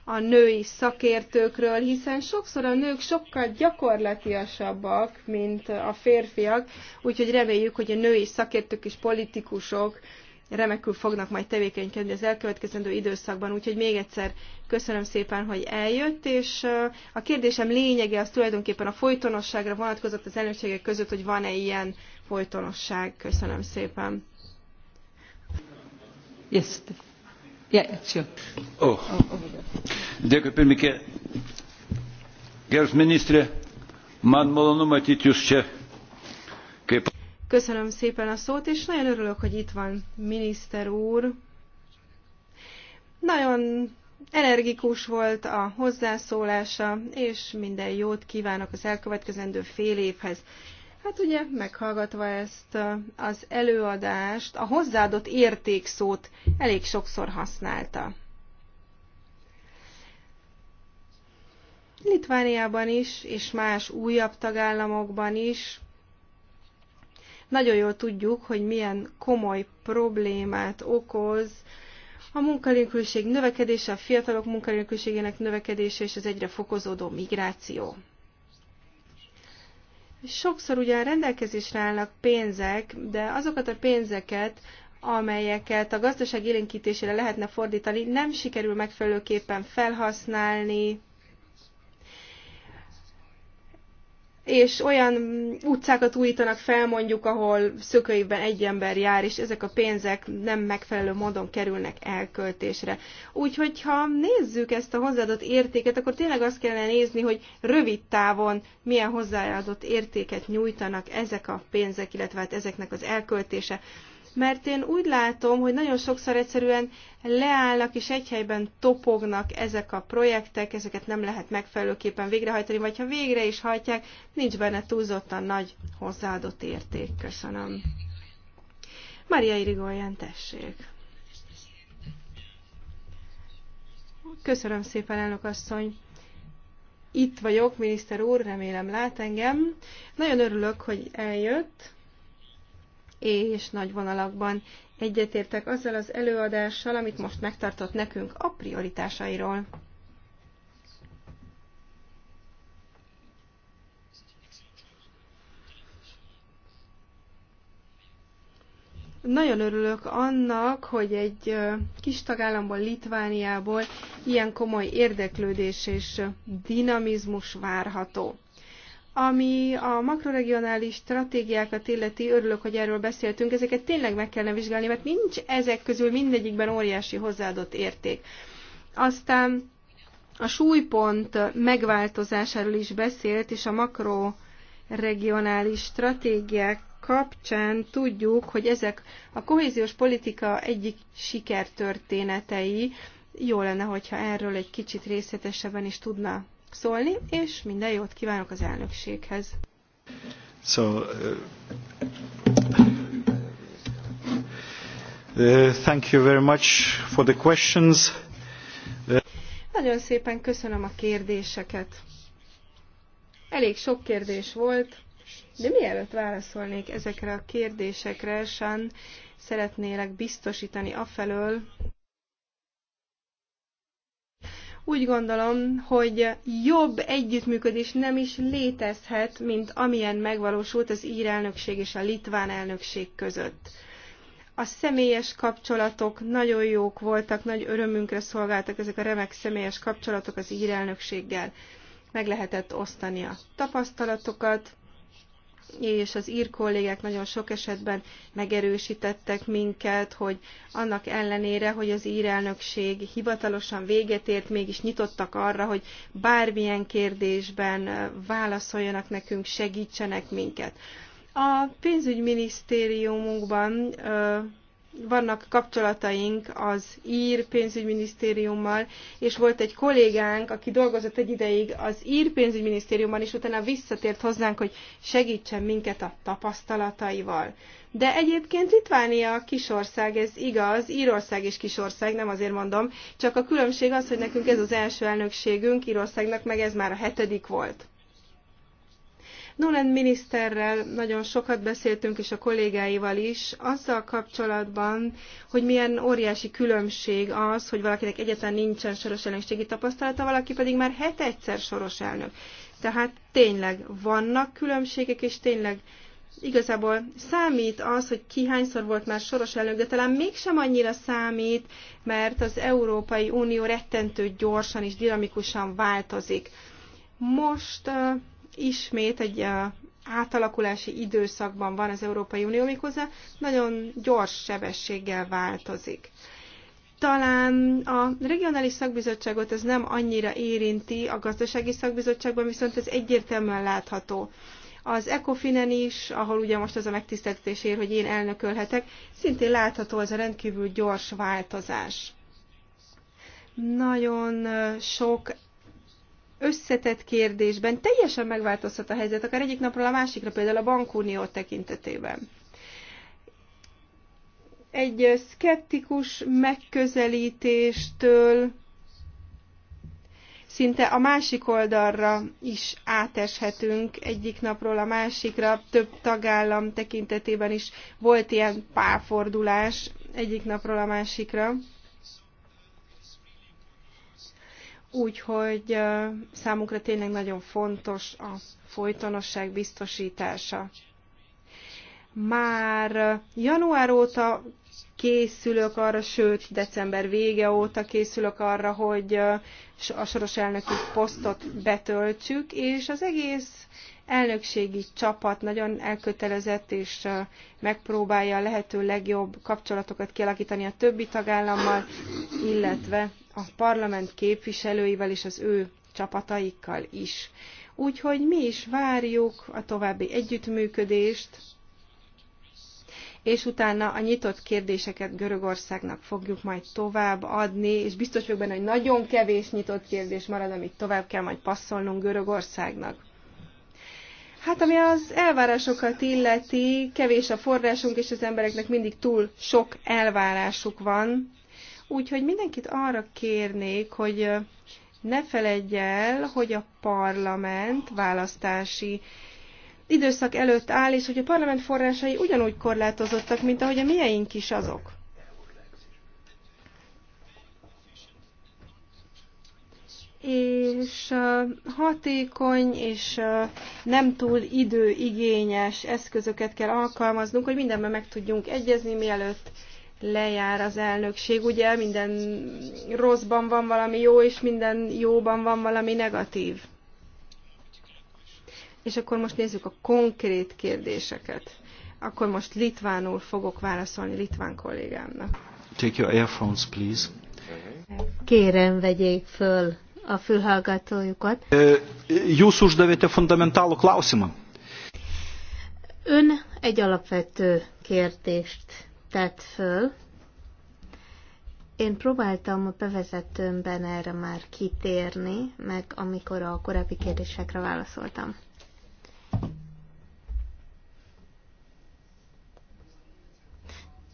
a női szakértőkről, hiszen sokszor a nők sokkal gyakorlatiasabbak, mint a férfiak, úgyhogy reméljük, hogy a női szakértők és politikusok remekül fognak majd tevékenykedni az elkövetkezendő időszakban. Úgyhogy még egyszer köszönöm szépen, hogy eljött, és uh, a kérdésem lényege az tulajdonképpen a folytonosságra vonatkozott az elnökségek között, hogy van-e ilyen folytonosság. Köszönöm szépen. Yes. Yeah, Oh. man malonu matyti jūs čia. Kaip... Köszönöm szépen a szót, és nagyon örülök, hogy itt van miniszter úr. Nagyon energikus volt a hozzászólása, és minden jót kívánok az elkövetkezendő fél évhez. Hát ugye meghallgatva ezt az előadást, a hozzáadott értékszót elég sokszor használta. Litvániában is, és más újabb tagállamokban is nagyon jól tudjuk, hogy milyen komoly problémát okoz a munkanélküliség növekedése, a fiatalok munkanélküliségének növekedése és az egyre fokozódó migráció. Sokszor ugyan rendelkezésre állnak pénzek, de azokat a pénzeket, amelyeket a gazdaság élénkítésére lehetne fordítani, nem sikerül megfelelőképpen felhasználni, és olyan utcákat újítanak fel mondjuk, ahol szökőjében egy ember jár, és ezek a pénzek nem megfelelő módon kerülnek elköltésre. Úgyhogy ha nézzük ezt a hozzáadott értéket, akkor tényleg azt kellene nézni, hogy rövid távon milyen hozzáadott értéket nyújtanak ezek a pénzek, illetve hát ezeknek az elköltése mert én úgy látom, hogy nagyon sokszor egyszerűen leállnak és egy helyben topognak ezek a projektek, ezeket nem lehet megfelelőképpen végrehajtani, vagy ha végre is hajtják, nincs benne túlzottan nagy hozzáadott érték. Köszönöm. Maria Irigoyen, tessék! Köszönöm szépen, elnök asszony! Itt vagyok, miniszter úr, remélem lát engem. Nagyon örülök, hogy eljött és nagy vonalakban egyetértek azzal az előadással, amit most megtartott nekünk a prioritásairól. Nagyon örülök annak, hogy egy kis tagállamból, Litvániából ilyen komoly érdeklődés és dinamizmus várható. Ami a makroregionális stratégiákat illeti, örülök, hogy erről beszéltünk, ezeket tényleg meg kellene vizsgálni, mert nincs ezek közül mindegyikben óriási hozzáadott érték. Aztán a súlypont megváltozásáról is beszélt, és a makroregionális stratégiák kapcsán tudjuk, hogy ezek a kohéziós politika egyik sikertörténetei. Jó lenne, hogyha erről egy kicsit részletesebben is tudna szólni, és minden jót kívánok az elnökséghez. So, uh, uh, thank you very much for the questions. Uh, Nagyon szépen köszönöm a kérdéseket. Elég sok kérdés volt, de mielőtt válaszolnék ezekre a kérdésekre, Sán, szeretnélek biztosítani afelől, úgy gondolom, hogy jobb együttműködés nem is létezhet, mint amilyen megvalósult az ír elnökség és a litván elnökség között. A személyes kapcsolatok nagyon jók voltak, nagy örömünkre szolgáltak ezek a remek személyes kapcsolatok az ír elnökséggel. Meg lehetett osztani a tapasztalatokat, és az ír kollégák nagyon sok esetben megerősítettek minket, hogy annak ellenére, hogy az ír elnökség hivatalosan véget ért, mégis nyitottak arra, hogy bármilyen kérdésben válaszoljanak nekünk, segítsenek minket. A pénzügyminisztériumunkban vannak kapcsolataink az ír pénzügyminisztériummal, és volt egy kollégánk, aki dolgozott egy ideig az ír pénzügyminisztériumban, és utána visszatért hozzánk, hogy segítsen minket a tapasztalataival. De egyébként Litvánia kisország, ez igaz, Írország is kisország, nem azért mondom, csak a különbség az, hogy nekünk ez az első elnökségünk, Írországnak meg ez már a hetedik volt. Nolan miniszterrel nagyon sokat beszéltünk, és a kollégáival is, azzal kapcsolatban, hogy milyen óriási különbség az, hogy valakinek egyetlen nincsen soros elnökségi tapasztalata, valaki pedig már egyszer soros elnök. Tehát tényleg vannak különbségek, és tényleg igazából számít az, hogy ki hányszor volt már soros elnök, de talán mégsem annyira számít, mert az Európai Unió rettentő gyorsan és dinamikusan változik. Most ismét egy eh, átalakulási időszakban van az Európai Unió, méghozzá nagyon gyors sebességgel változik. Talán a regionális szakbizottságot ez nem annyira érinti, a gazdasági szakbizottságban viszont ez egyértelműen látható. Az Ecofinen is, ahol ugye most az a megtiszteltetés ér, hogy én elnökölhetek, szintén látható az a rendkívül gyors változás. Nagyon eh, sok összetett kérdésben teljesen megváltozhat a helyzet, akár egyik napról a másikra, például a bankunió tekintetében. Egy szkeptikus megközelítéstől szinte a másik oldalra is áteshetünk egyik napról a másikra. Több tagállam tekintetében is volt ilyen párfordulás egyik napról a másikra. úgyhogy számunkra tényleg nagyon fontos a folytonosság biztosítása. Már január óta készülök arra, sőt, december vége óta készülök arra, hogy a soros elnöki posztot betöltsük, és az egész elnökségi csapat nagyon elkötelezett, és megpróbálja a lehető legjobb kapcsolatokat kialakítani a többi tagállammal, illetve a parlament képviselőivel és az ő csapataikkal is. Úgyhogy mi is várjuk a további együttműködést, és utána a nyitott kérdéseket Görögországnak fogjuk majd tovább adni, és biztos vagyok benne, hogy nagyon kevés nyitott kérdés marad, amit tovább kell majd passzolnunk Görögországnak. Hát ami az elvárásokat illeti, kevés a forrásunk, és az embereknek mindig túl sok elvárásuk van. Úgyhogy mindenkit arra kérnék, hogy ne feledj el, hogy a parlament választási időszak előtt áll, és hogy a parlament forrásai ugyanúgy korlátozottak, mint ahogy a mieink is azok. és hatékony és nem túl időigényes eszközöket kell alkalmaznunk, hogy mindenben meg tudjunk egyezni, mielőtt lejár az elnökség. Ugye minden rosszban van valami jó, és minden jóban van valami negatív. És akkor most nézzük a konkrét kérdéseket. Akkor most litvánul fogok válaszolni litván kollégámnak. Take your earphones, please. Kérem, vegyék föl a fülhallgatójukat. E, Jūs uždavėte fundamentalų klausimą. Ön egy alapvető kérdést tett föl. Én próbáltam a bevezetőmben erre már kitérni, meg amikor a korábbi kérdésekre válaszoltam.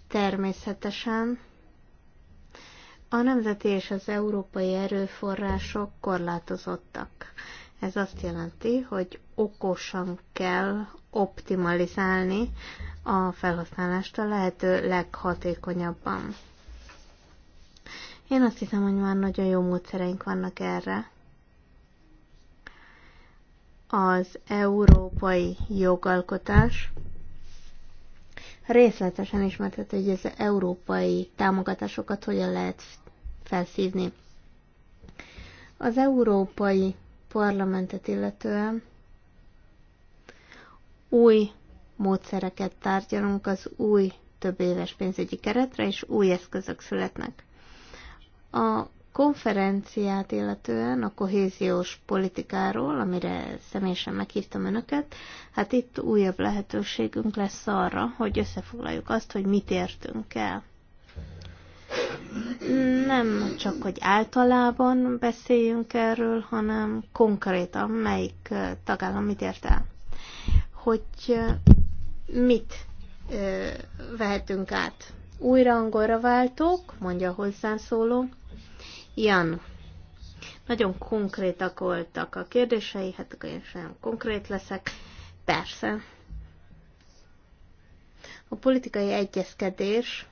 Természetesen a nemzeti és az európai erőforrások korlátozottak. Ez azt jelenti, hogy okosan kell optimalizálni a felhasználást a lehető leghatékonyabban. Én azt hiszem, hogy már nagyon jó módszereink vannak erre. Az európai jogalkotás részletesen ismertet, hogy az európai támogatásokat hogyan lehet felszívni. Az Európai Parlamentet illetően új módszereket tárgyalunk az új több éves pénzügyi keretre, és új eszközök születnek. A konferenciát illetően a kohéziós politikáról, amire személyesen meghívtam önöket, hát itt újabb lehetőségünk lesz arra, hogy összefoglaljuk azt, hogy mit értünk el nem csak, hogy általában beszéljünk erről, hanem konkrétan melyik tagállam mit ért el. Hogy mit vehetünk át. Újra angolra váltok, mondja a hozzászóló. Jan, nagyon konkrétak voltak a kérdései, hát akkor én sem konkrét leszek. Persze. A politikai egyezkedés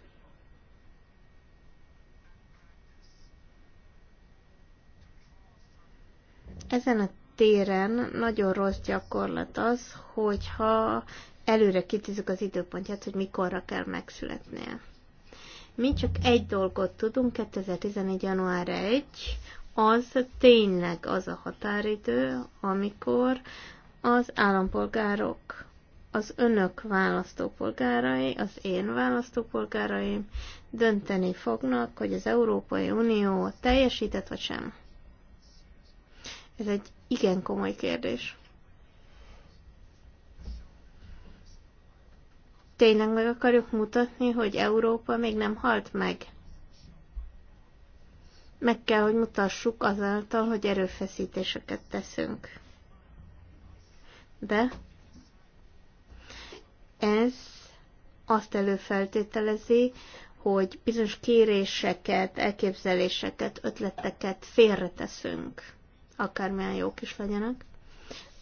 Ezen a téren nagyon rossz gyakorlat az, hogyha előre kitűzük az időpontját, hogy mikorra kell megszületnie. Mi csak egy dolgot tudunk, 2014. január 1, az tényleg az a határidő, amikor az állampolgárok, az önök választópolgárai, az én választópolgáraim dönteni fognak, hogy az Európai Unió teljesített vagy sem. Ez egy igen komoly kérdés. Tényleg meg akarjuk mutatni, hogy Európa még nem halt meg. Meg kell, hogy mutassuk azáltal, hogy erőfeszítéseket teszünk. De ez azt előfeltételezi, hogy bizonyos kéréseket, elképzeléseket, ötleteket félreteszünk akármilyen jók is legyenek,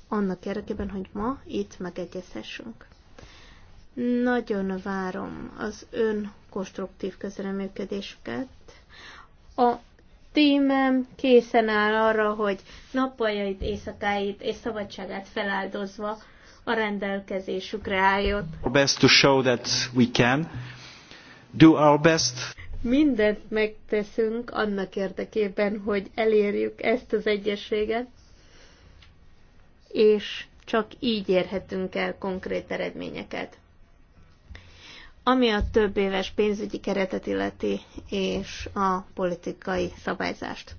annak érdekében, hogy ma itt megegyezhessünk. Nagyon várom az ön konstruktív közreműködésüket. A tímem készen áll arra, hogy nappaljait, éjszakáit és szabadságát feláldozva a rendelkezésükre álljon. best to show that we can. Do our best mindent megteszünk annak érdekében, hogy elérjük ezt az egyességet, és csak így érhetünk el konkrét eredményeket. Ami a több éves pénzügyi keretet illeti, és a politikai szabályzást.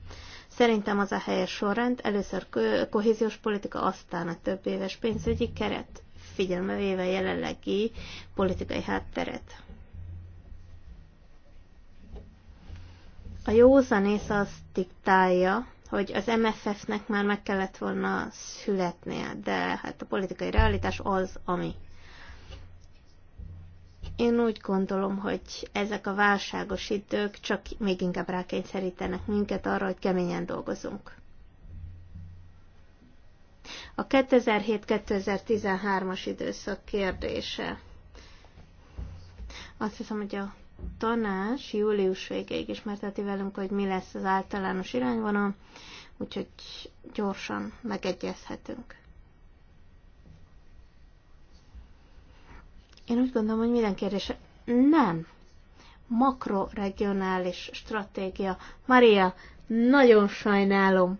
Szerintem az a helyes sorrend, először kohéziós politika, aztán a több éves pénzügyi keret, figyelmevéve jelenlegi politikai hátteret. A ész az diktálja, hogy az MFF-nek már meg kellett volna születnie, de hát a politikai realitás az, ami. Én úgy gondolom, hogy ezek a válságos idők csak még inkább rákényszerítenek minket arra, hogy keményen dolgozunk. A 2007-2013-as időszak kérdése. Azt hiszem, hogy a tanács július végéig ismerteti velünk, hogy mi lesz az általános irányvonal, úgyhogy gyorsan megegyezhetünk. Én úgy gondolom, hogy minden kérdése nem. Makroregionális stratégia. Maria, nagyon sajnálom.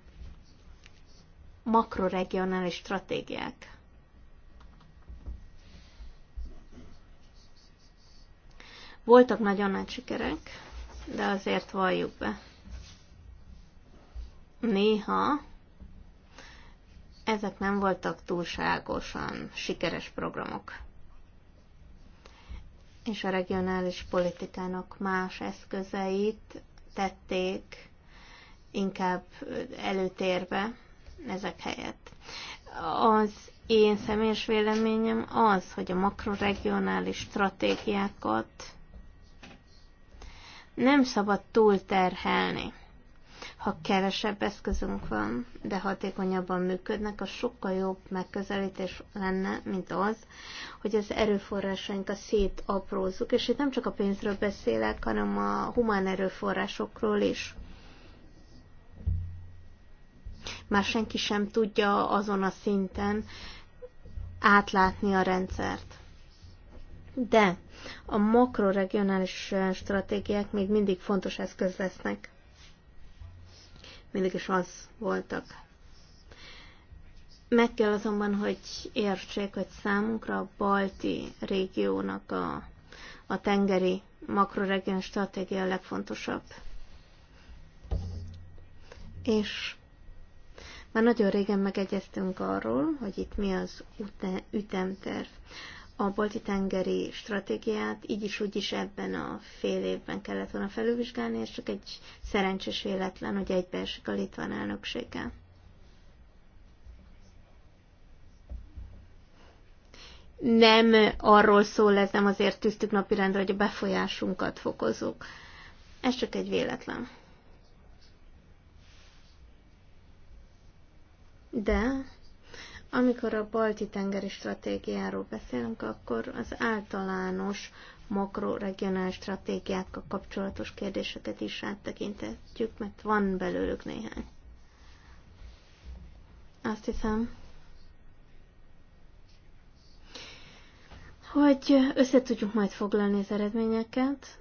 Makroregionális stratégiák. Voltak nagyon nagy sikerek, de azért valljuk be. Néha ezek nem voltak túlságosan sikeres programok. És a regionális politikának más eszközeit tették inkább előtérbe ezek helyett. Az én személyes véleményem az, hogy a makroregionális stratégiákat nem szabad túlterhelni. Ha kevesebb eszközünk van, de hatékonyabban működnek, az sokkal jobb megközelítés lenne, mint az, hogy az erőforrásainkat szétaprózzuk, és itt nem csak a pénzről beszélek, hanem a humán erőforrásokról is már senki sem tudja azon a szinten átlátni a rendszert de a makroregionális stratégiák még mindig fontos eszköz lesznek. Mindig is az voltak. Meg kell azonban, hogy értsék, hogy számunkra a balti régiónak a, a tengeri makroregion stratégia a legfontosabb. És már nagyon régen megegyeztünk arról, hogy itt mi az ütemterv a balti tengeri stratégiát, így is úgy is ebben a fél évben kellett volna felülvizsgálni, és csak egy szerencsés véletlen, hogy egybeesik a litván elnökséggel. Nem arról szól ez, nem azért tűztük napirendre, hogy a befolyásunkat fokozzuk. Ez csak egy véletlen. De amikor a balti tengeri stratégiáról beszélünk, akkor az általános makroregionális stratégiákkal kapcsolatos kérdéseket is áttekintetjük, mert van belőlük néhány. Azt hiszem, hogy össze tudjuk majd foglalni az eredményeket,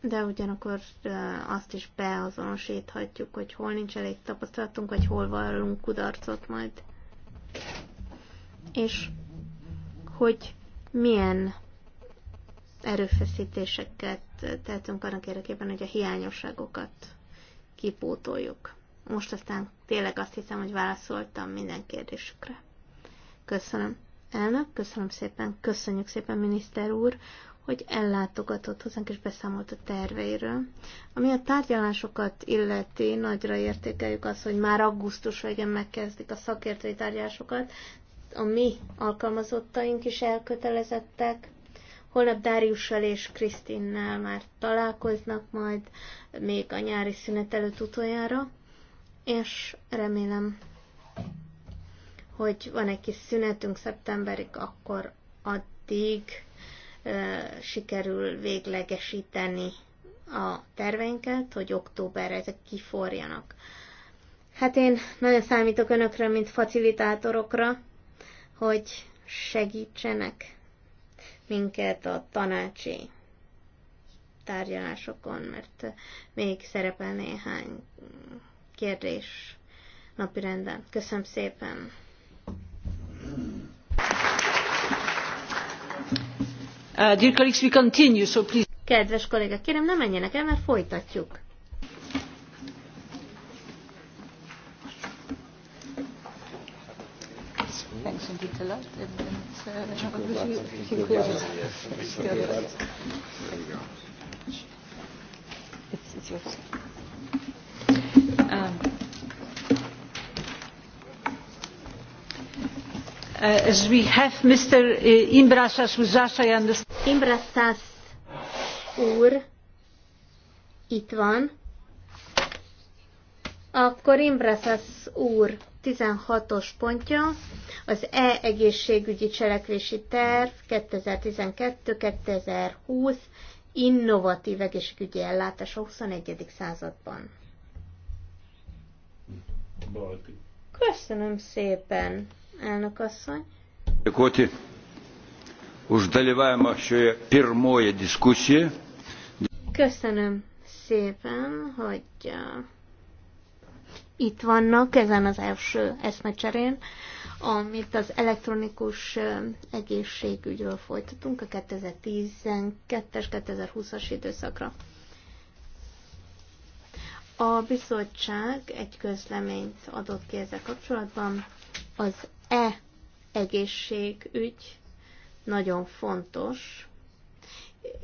de ugyanakkor azt is beazonosíthatjuk, hogy hol nincs elég tapasztalatunk, vagy hol vallunk kudarcot majd és hogy milyen erőfeszítéseket tehetünk annak érdekében, hogy a hiányosságokat kipótoljuk. Most aztán tényleg azt hiszem, hogy válaszoltam minden kérdésükre. Köszönöm. Elnök, köszönöm szépen, köszönjük szépen, miniszter úr, hogy ellátogatott hozzánk és beszámolt a terveiről. Ami a tárgyalásokat illeti, nagyra értékeljük azt, hogy már augusztus végén megkezdik a szakértői tárgyalásokat, a mi alkalmazottaink is elkötelezettek. Holnap Dáriussal és Krisztinnel már találkoznak majd, még a nyári szünet előtt utoljára, és remélem, hogy van egy kis szünetünk szeptemberig, akkor addig e, sikerül véglegesíteni a terveinket, hogy októberre ezek kiforjanak. Hát én nagyon számítok önökre, mint facilitátorokra, hogy segítsenek minket a tanácsi tárgyalásokon, mert eh, még szerepel néhány kérdés napirenden. Köszönöm szépen! Uh, dear colleagues, we continue, so please. Kedves kolléga, kérem, ne menjenek el, mert folytatjuk. did uh, It's, it's yours. Um, uh, as we have Mr. Uh, Imbrasas Uzasa, I understand. Imbrasas Ur, itt van. Akkor Imbrasas Ur. 16-os pontja az e-egészségügyi cselekvési terv 2012-2020 innovatív egészségügyi ellátás a 21. században. Balti. Köszönöm szépen, elnök asszony. Koti, už dalyvavimą a pirmoje diskusijoje. Köszönöm szépen, hogy itt vannak ezen az első eszmecserén, amit az elektronikus egészségügyről folytatunk a 2012-es, 2020-as időszakra. A bizottság egy közleményt adott ki ezzel kapcsolatban. Az e-egészségügy nagyon fontos.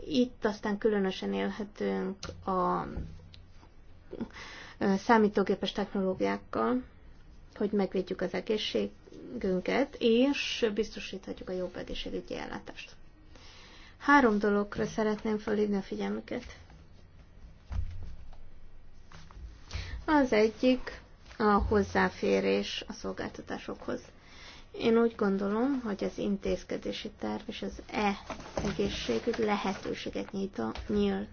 Itt aztán különösen élhetünk a számítógépes technológiákkal, hogy megvédjük az egészségünket, és biztosíthatjuk a jobb egészségügyi ellátást. Három dologra szeretném felhívni a figyelmüket. Az egyik a hozzáférés a szolgáltatásokhoz. Én úgy gondolom, hogy az intézkedési terv és az e-egészségügy lehetőséget nyit a, nyíl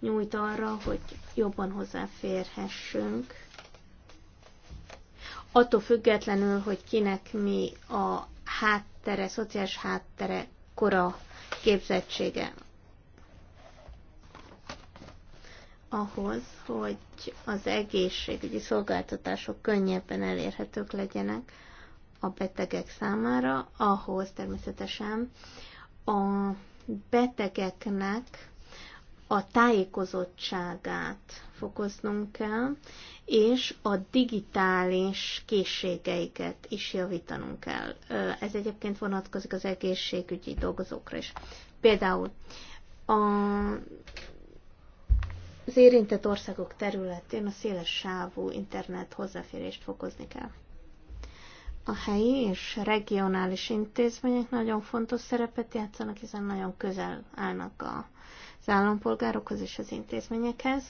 nyújt arra, hogy jobban hozzáférhessünk. Attól függetlenül, hogy kinek mi a háttere, szociális háttere, kora, képzettsége. Ahhoz, hogy az egészségügyi szolgáltatások könnyebben elérhetők legyenek a betegek számára, ahhoz természetesen a betegeknek a tájékozottságát fokoznunk kell, és a digitális készségeiket is javítanunk kell. Ez egyébként vonatkozik az egészségügyi dolgozókra is. Például a, az érintett országok területén a széles sávú internet hozzáférést fokozni kell. A helyi és regionális intézmények nagyon fontos szerepet játszanak, hiszen nagyon közel állnak a az állampolgárokhoz és az intézményekhez.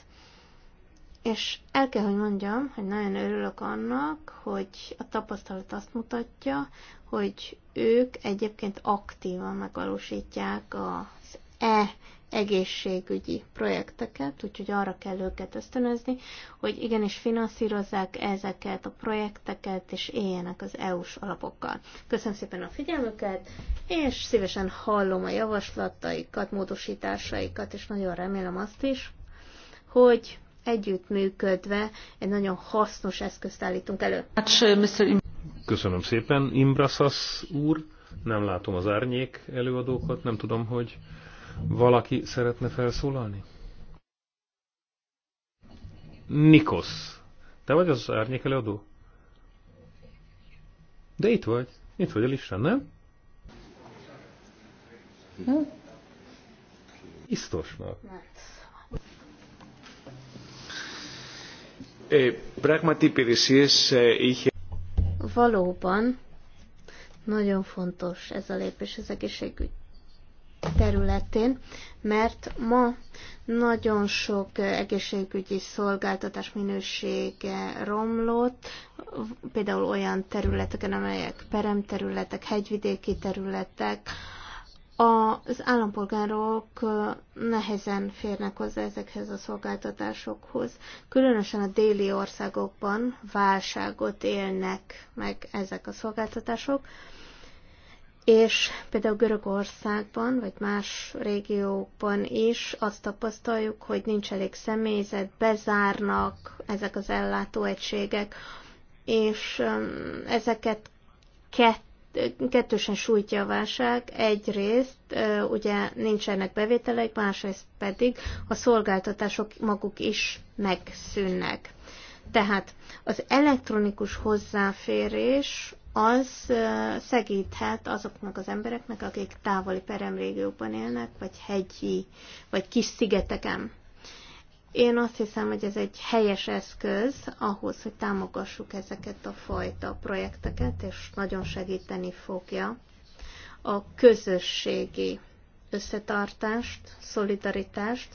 És el kell, hogy mondjam, hogy nagyon örülök annak, hogy a tapasztalat azt mutatja, hogy ők egyébként aktívan megvalósítják az e egészségügyi projekteket, úgyhogy arra kell őket ösztönözni, hogy igenis finanszírozzák ezeket a projekteket, és éljenek az EU-s alapokkal. Köszönöm szépen a figyelmüket, és szívesen hallom a javaslataikat, módosításaikat, és nagyon remélem azt is, hogy együttműködve egy nagyon hasznos eszközt állítunk elő. Köszönöm szépen, Imbrasas úr. Nem látom az árnyék előadókat, nem tudom, hogy valaki szeretne felszólalni? Nikos, Te vagy az árnyék előadó? De itt vagy. Itt vagy a listán, nem? Biztosnak. Valóban nagyon fontos ez a lépés az egészségügy területén, mert ma nagyon sok egészségügyi szolgáltatás minősége romlott, például olyan területeken, amelyek peremterületek, hegyvidéki területek, az állampolgárok nehezen férnek hozzá ezekhez a szolgáltatásokhoz. Különösen a déli országokban válságot élnek meg ezek a szolgáltatások, és például Görögországban, vagy más régiókban is azt tapasztaljuk, hogy nincs elég személyzet, bezárnak ezek az ellátóegységek, és um, ezeket kettő kettősen sújtja a válság. Egyrészt ugye nincsenek bevételeik, másrészt pedig a szolgáltatások maguk is megszűnnek. Tehát az elektronikus hozzáférés az segíthet azoknak az embereknek, akik távoli peremrégióban élnek, vagy hegyi, vagy kis szigeteken. Én azt hiszem, hogy ez egy helyes eszköz ahhoz, hogy támogassuk ezeket a fajta projekteket, és nagyon segíteni fogja a közösségi összetartást, szolidaritást,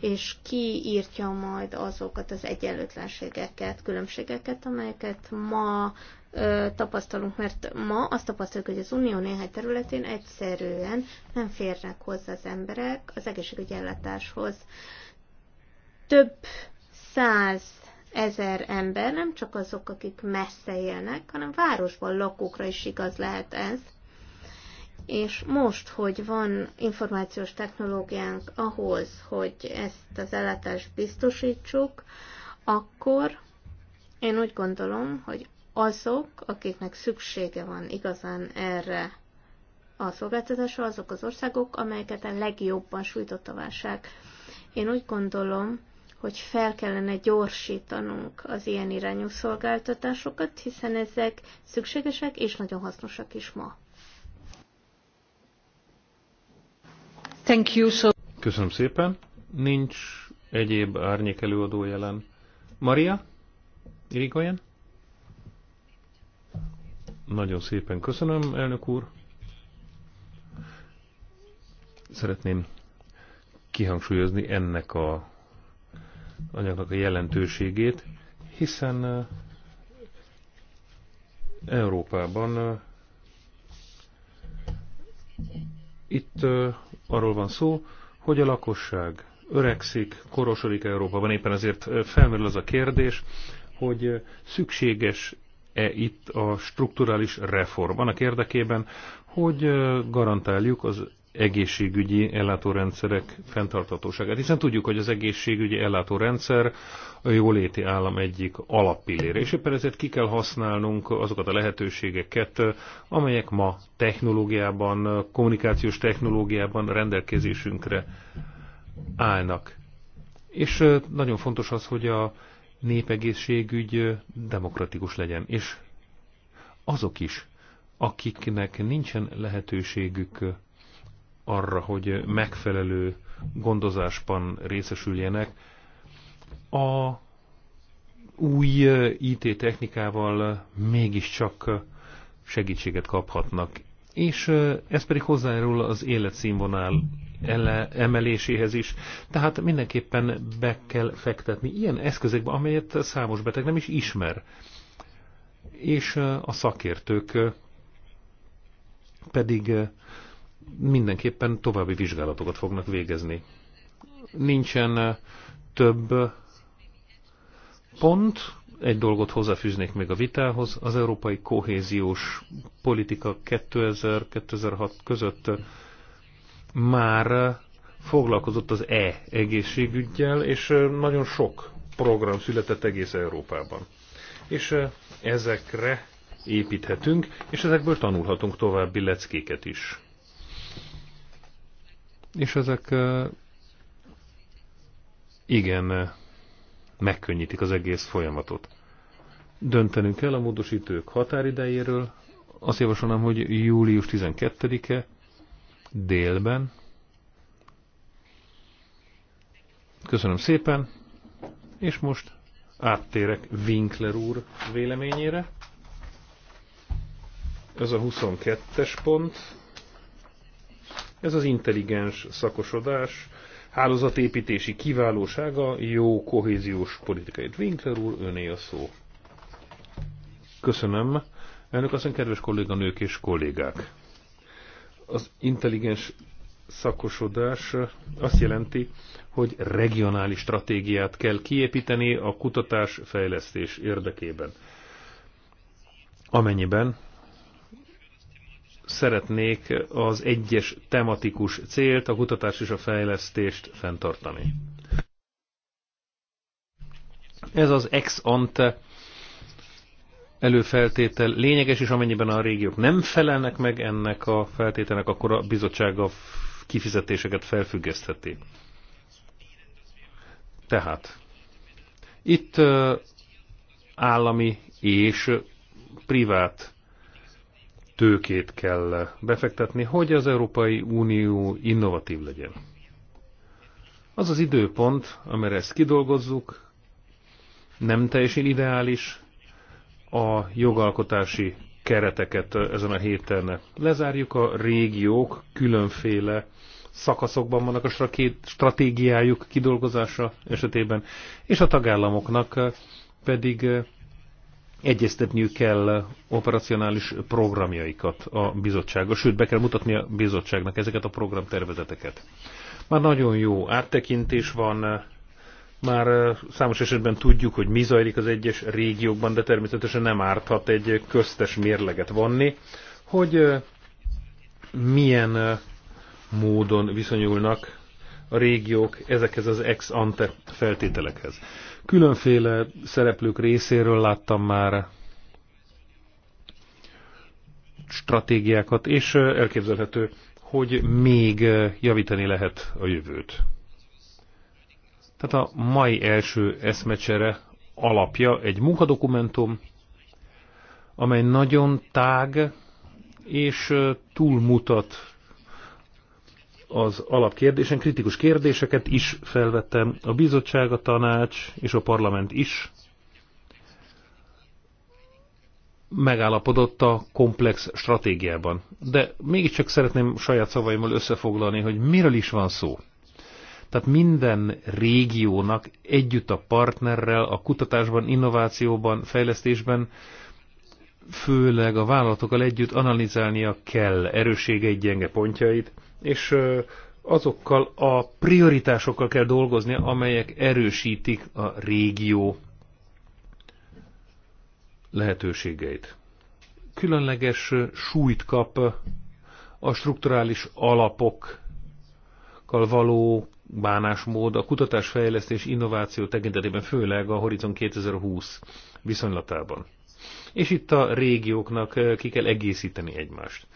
és kiírtja majd azokat az egyenlőtlenségeket, különbségeket, amelyeket ma ö, tapasztalunk, mert ma azt tapasztaljuk, hogy az Unió néhány területén egyszerűen nem férnek hozzá az emberek az egészségügyi ellátáshoz. Több száz ezer ember, nem csak azok, akik messze élnek, hanem városban lakókra is igaz lehet ez, és most, hogy van információs technológiánk ahhoz, hogy ezt az ellátást biztosítsuk, akkor én úgy gondolom, hogy azok, akiknek szüksége van igazán erre a szolgáltatásra, azok az országok, amelyeket a legjobban sújtott a válság. Én úgy gondolom, hogy fel kellene gyorsítanunk az ilyen irányú szolgáltatásokat, hiszen ezek szükségesek és nagyon hasznosak is ma. Thank you so Köszönöm szépen. Nincs egyéb árnyék előadó jelen. Maria? Irigoyen? Nagyon szépen köszönöm, elnök úr. Szeretném kihangsúlyozni ennek a anyagnak a jelentőségét, hiszen eh, Európában eh, itt arról van szó, hogy a lakosság öregszik, korosodik Európában, éppen ezért felmerül az a kérdés, hogy szükséges-e itt a strukturális reform annak érdekében, hogy garantáljuk az egészségügyi ellátórendszerek fenntartatóságát, hiszen tudjuk, hogy az egészségügyi ellátórendszer a jóléti állam egyik alappillére, és éppen ezért ki kell használnunk azokat a lehetőségeket, amelyek ma technológiában, kommunikációs technológiában rendelkezésünkre állnak. És nagyon fontos az, hogy a népegészségügy demokratikus legyen, és azok is, akiknek nincsen lehetőségük arra, hogy megfelelő gondozásban részesüljenek. A új IT technikával mégiscsak segítséget kaphatnak, és ez pedig hozzájárul az életszínvonal ele, emeléséhez is. Tehát mindenképpen be kell fektetni ilyen eszközökbe, amelyet számos beteg nem is ismer. És a szakértők pedig mindenképpen további vizsgálatokat fognak végezni. Nincsen eh, több eh, pont, egy dolgot hozzáfűznék még a vitához, az európai kohéziós politika 2000-2006 között eh, már foglalkozott az e egészségügyjel, és nagyon sok program született egész Európában. És ezekre építhetünk, és ezekből tanulhatunk további leckéket is. És ezek igen megkönnyítik az egész folyamatot. Döntenünk kell a módosítők határidejéről. Azt javasolnám, hogy július 12-e délben. Köszönöm szépen, és most áttérek Winkler úr véleményére. Ez a 22-es pont. Ez az intelligens szakosodás, hálózatépítési kiválósága, jó kohéziós politikai. Winkler úr, öné a szó. Köszönöm. Elnök asszony, kedves kolléganők és kollégák! Az intelligens szakosodás azt jelenti, hogy regionális stratégiát kell kiépíteni a kutatás fejlesztés érdekében. Amennyiben szeretnék az egyes tematikus célt, a kutatás és a fejlesztést fenntartani. Ez az ex ante előfeltétel lényeges, és amennyiben a régiók nem felelnek meg ennek a feltételnek, akkor a bizottság a kifizetéseket felfüggesztheti. Tehát itt állami és privát tőkét kell befektetni, hogy az Európai Unió innovatív legyen. Az az időpont, amire ezt kidolgozzuk, nem teljesen ideális. A jogalkotási kereteket ezen a héten lezárjuk. A régiók különféle szakaszokban vannak a stratégiájuk kidolgozása esetében, és a tagállamoknak pedig egyeztetniük kell operacionális programjaikat a bizottsággal, sőt be kell mutatni a bizottságnak ezeket a programtervezeteket. Már nagyon jó áttekintés van, már számos esetben tudjuk, hogy mi zajlik az egyes régiókban, de természetesen nem árthat egy köztes mérleget vanni, hogy milyen módon viszonyulnak a régiók ezekhez az ex-ante feltételekhez. Különféle szereplők részéről láttam már stratégiákat, és elképzelhető, hogy még javítani lehet a jövőt. Tehát a mai első eszmecsere alapja egy munkadokumentum, amely nagyon tág és túlmutat az alapkérdésen, kritikus kérdéseket is felvettem, a bizottság, a tanács és a parlament is megállapodott a komplex stratégiában. De mégiscsak szeretném saját szavaimmal összefoglalni, hogy miről is van szó. Tehát minden régiónak együtt a partnerrel, a kutatásban, innovációban, fejlesztésben, főleg a vállalatokkal együtt analizálnia kell erősségeit, gyenge pontjait, és azokkal a prioritásokkal kell dolgozni, amelyek erősítik a régió lehetőségeit. Különleges súlyt kap a strukturális alapokkal való bánásmód a kutatásfejlesztés innováció tekintetében, főleg a Horizon 2020 viszonylatában. És itt a régióknak ki kell egészíteni egymást.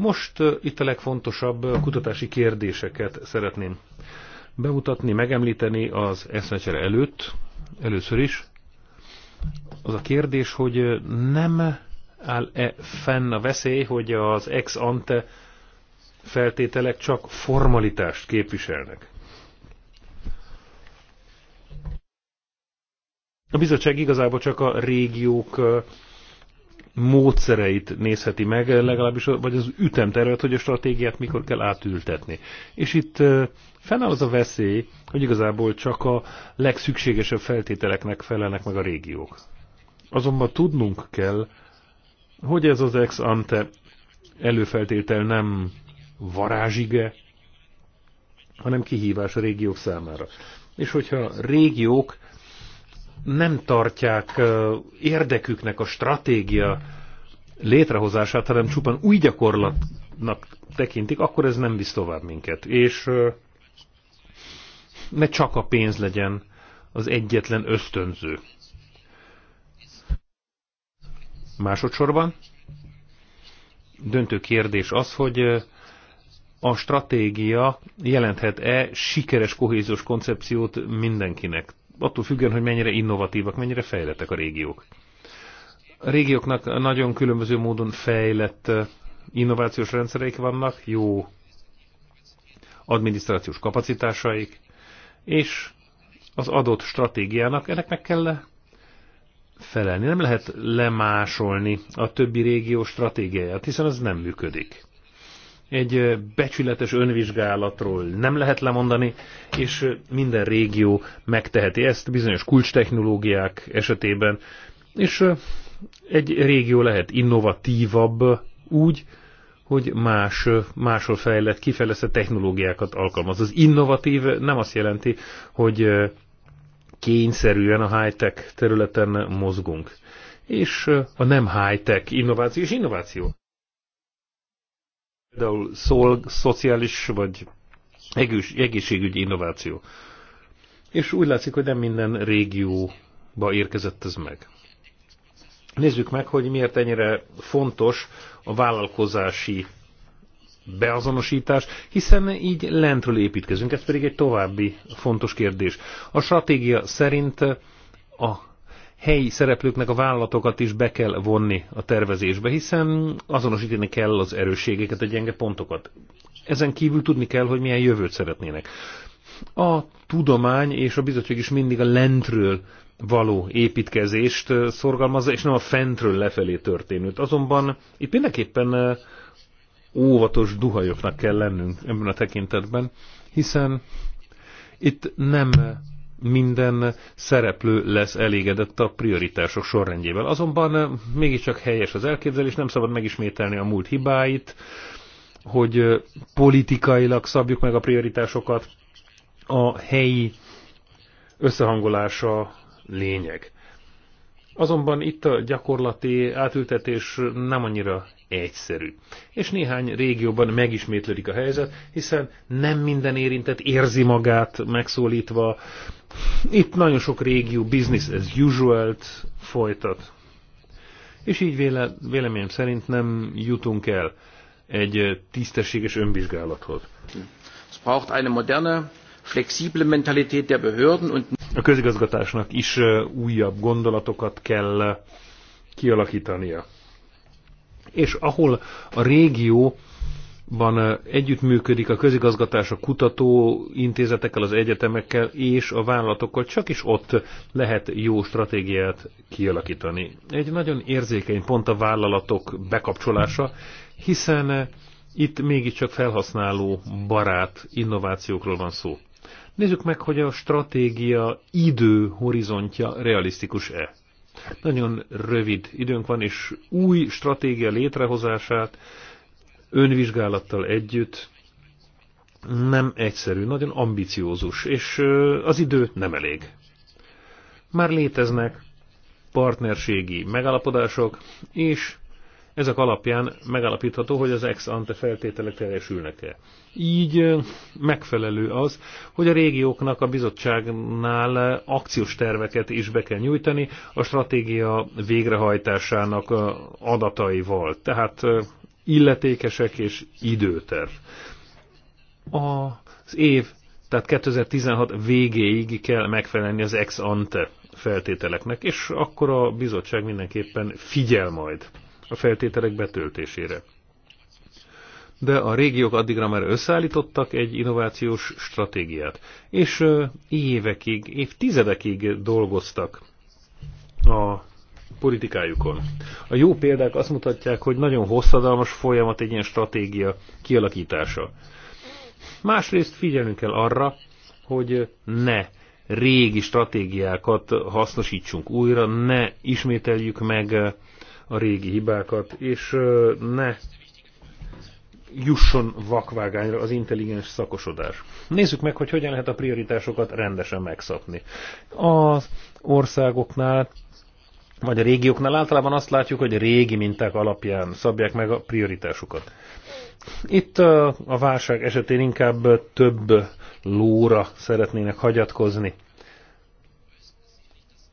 Most itt a legfontosabb kutatási kérdéseket szeretném bemutatni, megemlíteni az eszmecsere előtt, először is. Az a kérdés, hogy nem áll-e fenn a veszély, hogy az ex ante feltételek csak formalitást képviselnek. A bizottság igazából csak a régiók módszereit nézheti meg, legalábbis, vagy az ütemtervet, hogy a stratégiát mikor kell átültetni. És itt fennáll az a veszély, hogy igazából csak a legszükségesebb feltételeknek felelnek meg a régiók. Azonban tudnunk kell, hogy ez az ex ante előfeltétel nem varázsige, hanem kihívás a régiók számára. És hogyha régiók nem tartják érdeküknek a stratégia létrehozását, hanem csupán új gyakorlatnak tekintik, akkor ez nem visz tovább minket. És ne csak a pénz legyen az egyetlen ösztönző. Másodszorban döntő kérdés az, hogy a stratégia jelenthet-e sikeres kohéziós koncepciót mindenkinek attól függően, hogy mennyire innovatívak, mennyire fejlettek a régiók. A régióknak nagyon különböző módon fejlett innovációs rendszereik vannak, jó adminisztrációs kapacitásaik, és az adott stratégiának ennek meg kell felelni. Nem lehet lemásolni a többi régió stratégiáját, hiszen az nem működik egy becsületes önvizsgálatról nem lehet lemondani, és minden régió megteheti ezt bizonyos kulcstechnológiák esetében, és egy régió lehet innovatívabb úgy, hogy más, máshol fejlett, kifejlesztett technológiákat alkalmaz. Az innovatív nem azt jelenti, hogy kényszerűen a high-tech területen mozgunk. És a nem high-tech innováció és innováció. Például szol, szociális vagy egészségügyi innováció. És úgy látszik, hogy nem minden régióba érkezett ez meg. Nézzük meg, hogy miért ennyire fontos a vállalkozási beazonosítás, hiszen így lentről építkezünk. Ez pedig egy további fontos kérdés. A stratégia szerint a helyi szereplőknek a vállalatokat is be kell vonni a tervezésbe, hiszen azonosítani kell az erősségeket, a gyenge pontokat. Ezen kívül tudni kell, hogy milyen jövőt szeretnének. A tudomány és a bizottság is mindig a lentről való építkezést szorgalmazza, és nem a fentről lefelé történőt. Azonban itt mindenképpen óvatos duhajoknak kell lennünk ebben a tekintetben, hiszen itt nem minden szereplő lesz elégedett a prioritások sorrendjével. Azonban eh, mégiscsak helyes az elképzelés, nem szabad megismételni a múlt hibáit, hogy eh, politikailag szabjuk meg a prioritásokat. A helyi összehangolása lényeg. Azonban itt a gyakorlati átültetés nem annyira egyszerű. És néhány régióban megismétlődik a helyzet, hiszen nem minden érintett érzi magát megszólítva. Itt nagyon sok régió business as usual folytat. És így véle, véleményem szerint nem jutunk el egy tisztességes önvizsgálathoz. Es braucht eine moderne flexible Mentalität der Behörden und a közigazgatásnak is újabb gondolatokat kell kialakítania. És ahol a régió ban együttműködik a közigazgatás a kutatóintézetekkel, az egyetemekkel és a vállalatokkal, csak is ott lehet jó stratégiát kialakítani. Egy nagyon érzékeny pont a vállalatok bekapcsolása, hiszen itt mégiscsak felhasználó barát innovációkról van szó. Nézzük meg, hogy a stratégia időhorizontja realisztikus-e. Nagyon rövid időnk van, és új stratégia létrehozását önvizsgálattal együtt nem egyszerű, nagyon ambiciózus, és az idő nem elég. Már léteznek partnerségi megállapodások, és ezek alapján megállapítható, hogy az ex ante feltételek teljesülnek-e. Így megfelelő az, hogy a régióknak a bizottságnál akciós terveket is be kell nyújtani a stratégia végrehajtásának adataival. Tehát illetékesek és időterv. Az év, tehát 2016 végéig kell megfelelni az ex ante feltételeknek, és akkor a bizottság mindenképpen figyel majd a feltételek betöltésére. De a régiók addigra már összeállítottak egy innovációs stratégiát, és évekig, évtizedekig dolgoztak a politikájukon. A jó példák azt mutatják, hogy nagyon hosszadalmas folyamat egy ilyen stratégia kialakítása. Másrészt figyelnünk kell arra, hogy ne régi stratégiákat hasznosítsunk újra, ne ismételjük meg a régi hibákat, és ne jusson vakvágányra az intelligens szakosodás. Nézzük meg, hogy hogyan lehet a prioritásokat rendesen megszapni. Az országoknál vagy a régióknál általában azt látjuk, hogy a régi minták alapján szabják meg a prioritásokat. Itt a válság esetén inkább több lóra szeretnének hagyatkozni.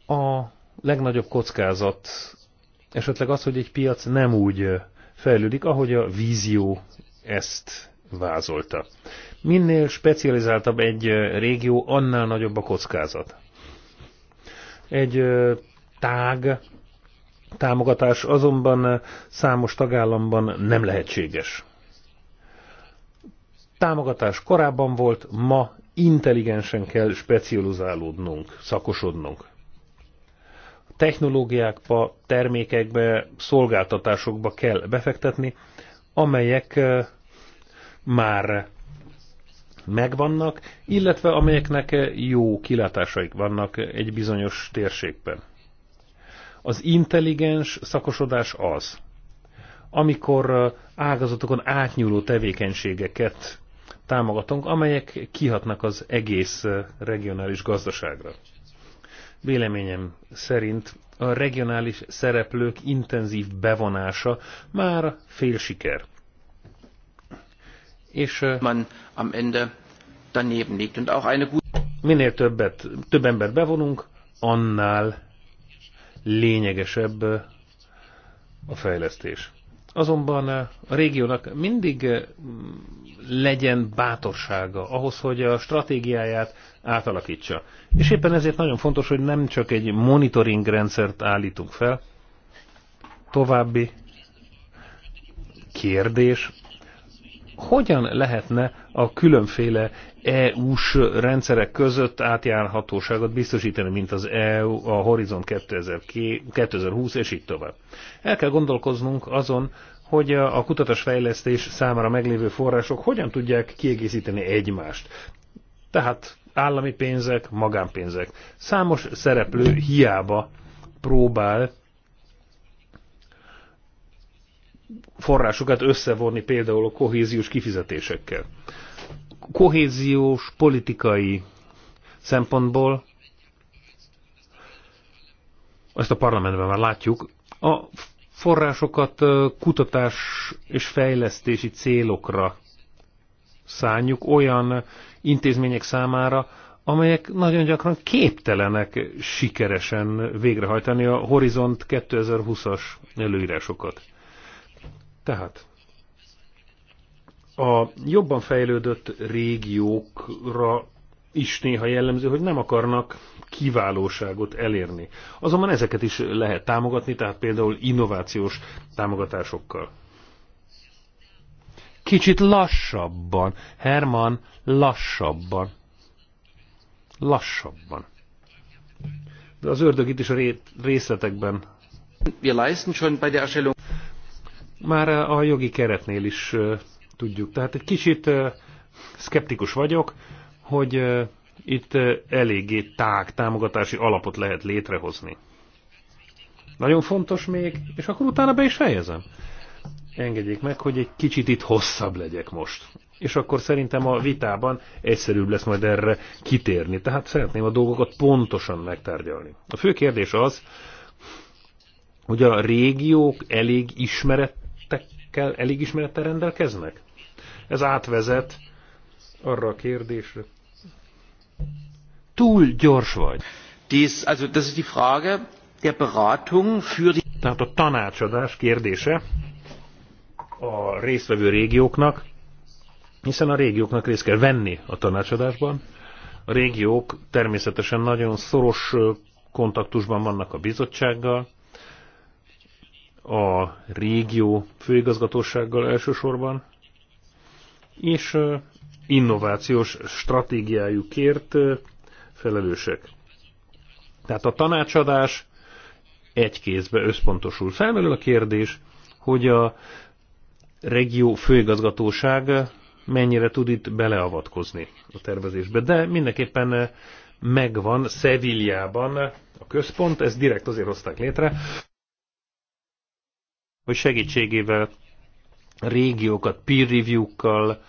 A legnagyobb kockázat esetleg az, hogy egy piac nem úgy fejlődik, ahogy a vízió ezt vázolta. Minél specializáltabb egy régió, annál nagyobb a kockázat. Egy tág támogatás azonban számos tagállamban nem lehetséges. Támogatás korábban volt, ma intelligensen kell specializálódnunk, szakosodnunk technológiákba, termékekbe, szolgáltatásokba kell befektetni, amelyek már megvannak, illetve amelyeknek jó kilátásaik vannak egy bizonyos térségben. Az intelligens szakosodás az, amikor ágazatokon átnyúló tevékenységeket támogatunk, amelyek kihatnak az egész regionális gazdaságra. Véleményem szerint a regionális szereplők intenzív bevonása már fél siker. És man am Ende daneben liegt und auch eine gute minél többet, több embert bevonunk, annál lényegesebb a fejlesztés. Azonban a régiónak mindig legyen bátorsága ahhoz, hogy a stratégiáját átalakítsa. És éppen ezért nagyon fontos, hogy nem csak egy monitoring rendszert állítunk fel. További kérdés, hogyan lehetne a különféle EU-s rendszerek között átjárhatóságot biztosítani, mint az EU, a Horizon 2020 és így tovább. El kell gondolkoznunk azon, hogy a kutatásfejlesztés számára meglévő források hogyan tudják kiegészíteni egymást. Tehát állami pénzek, magánpénzek. Számos szereplő hiába próbál forrásokat összevonni például a kohéziós kifizetésekkel. Kohéziós politikai szempontból ezt a parlamentben már látjuk, a forrásokat kutatás és fejlesztési célokra szánjuk olyan intézmények számára, amelyek nagyon gyakran képtelenek sikeresen végrehajtani a Horizont 2020-as előírásokat. Tehát a jobban fejlődött régiókra is néha jellemző, hogy nem akarnak kiválóságot elérni. Azonban ezeket is lehet támogatni, tehát például innovációs támogatásokkal. Kicsit lassabban, Herman, lassabban. Lassabban. De az ördög itt is a részletekben. Már a jogi keretnél is tudjuk. Tehát egy kicsit szkeptikus vagyok, hogy itt eléggé tág támogatási alapot lehet létrehozni. Nagyon fontos még, és akkor utána be is fejezem. Engedjék meg, hogy egy kicsit itt hosszabb legyek most. És akkor szerintem a vitában egyszerűbb lesz majd erre kitérni. Tehát szeretném a dolgokat pontosan megtárgyalni. A fő kérdés az, hogy a régiók elég ismerettekkel, elég ismerettel rendelkeznek? Ez átvezet arra a kérdésre, túl gyors vagy. Dies, also das ist die Frage der Beratung für die... Tehát a tanácsadás kérdése a résztvevő régióknak, hiszen a régióknak részt kell venni a tanácsadásban. A régiók természetesen nagyon szoros kontaktusban vannak a bizottsággal, a régió főigazgatósággal elsősorban, és innovációs stratégiájukért felelősek. Tehát a tanácsadás egy kézbe összpontosul. Felmerül a kérdés, hogy a regió főigazgatóság mennyire tud itt beleavatkozni a tervezésbe. De mindenképpen megvan Szeviljában a központ, ezt direkt azért hozták létre, hogy segítségével régiókat peer review-kkal,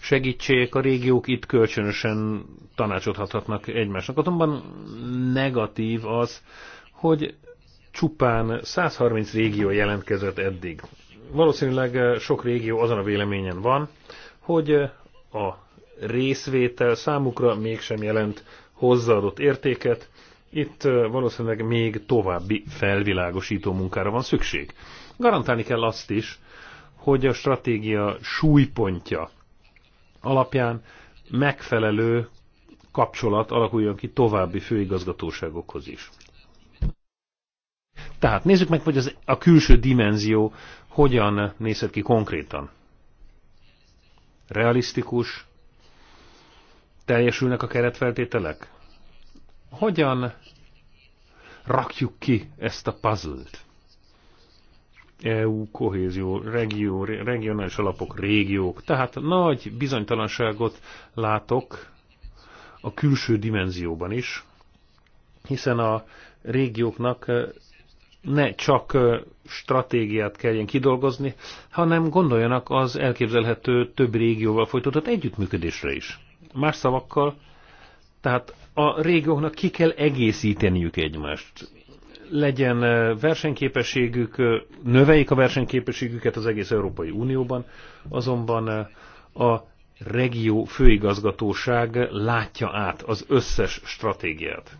segítségek a régiók itt kölcsönösen tanácsodhatnak egymásnak. Azonban negatív az, hogy csupán 130 régió jelentkezett eddig. Valószínűleg sok régió azon a véleményen van, hogy a részvétel számukra mégsem jelent hozzáadott értéket, itt valószínűleg még további felvilágosító munkára van szükség. Garantálni kell azt is, hogy a stratégia súlypontja alapján megfelelő kapcsolat alakuljon ki további főigazgatóságokhoz is. Tehát nézzük meg, hogy az, a külső dimenzió hogyan nézhet ki konkrétan. Realisztikus? Teljesülnek a keretfeltételek? Hogyan rakjuk ki ezt a puzzle-t? EU, kohézió, regió, regionális alapok, régiók. Tehát nagy bizonytalanságot látok a külső dimenzióban is, hiszen a régióknak e, ne csak e, stratégiát kelljen kidolgozni, hanem gondoljanak az elképzelhető több régióval folytatott együttműködésre is. Más szavakkal, tehát a régióknak ki kell egészíteniük egymást legyen versenyképességük, növeljék a versenyképességüket az egész Európai Unióban, azonban a regió főigazgatóság látja át az összes stratégiát.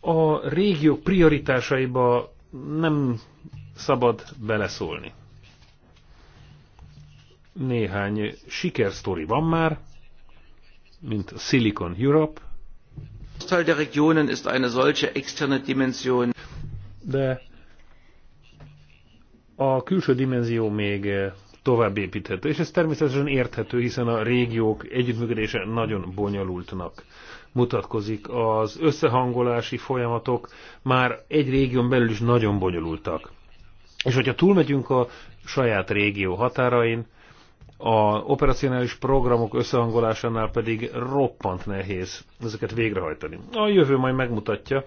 A régiók prioritásaiba nem szabad beleszólni. Néhány sikersztori van már, mint a Silicon Europe, der Regionen ist eine solche externe Dimension. De a külső dimenzió még eh, tovább építhető, és ez természetesen érthető, hiszen a régiók együttműködése nagyon bonyolultnak mutatkozik. Az összehangolási folyamatok már egy régión belül is nagyon bonyolultak. És hogyha túlmegyünk a saját régió határain, a operacionális programok összehangolásánál pedig roppant nehéz ezeket végrehajtani. A jövő majd megmutatja,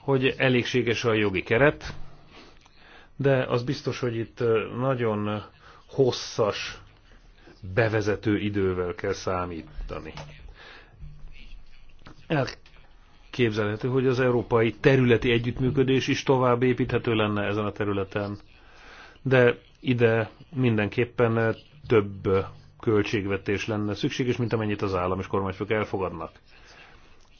hogy elégséges a jogi keret, de az biztos, hogy itt nagyon hosszas bevezető idővel kell számítani. Elképzelhető, hogy az európai területi együttműködés is tovább építhető lenne ezen a területen, de ide mindenképpen több költségvetés lenne szükséges, mint amennyit az állam és kormányfők elfogadnak.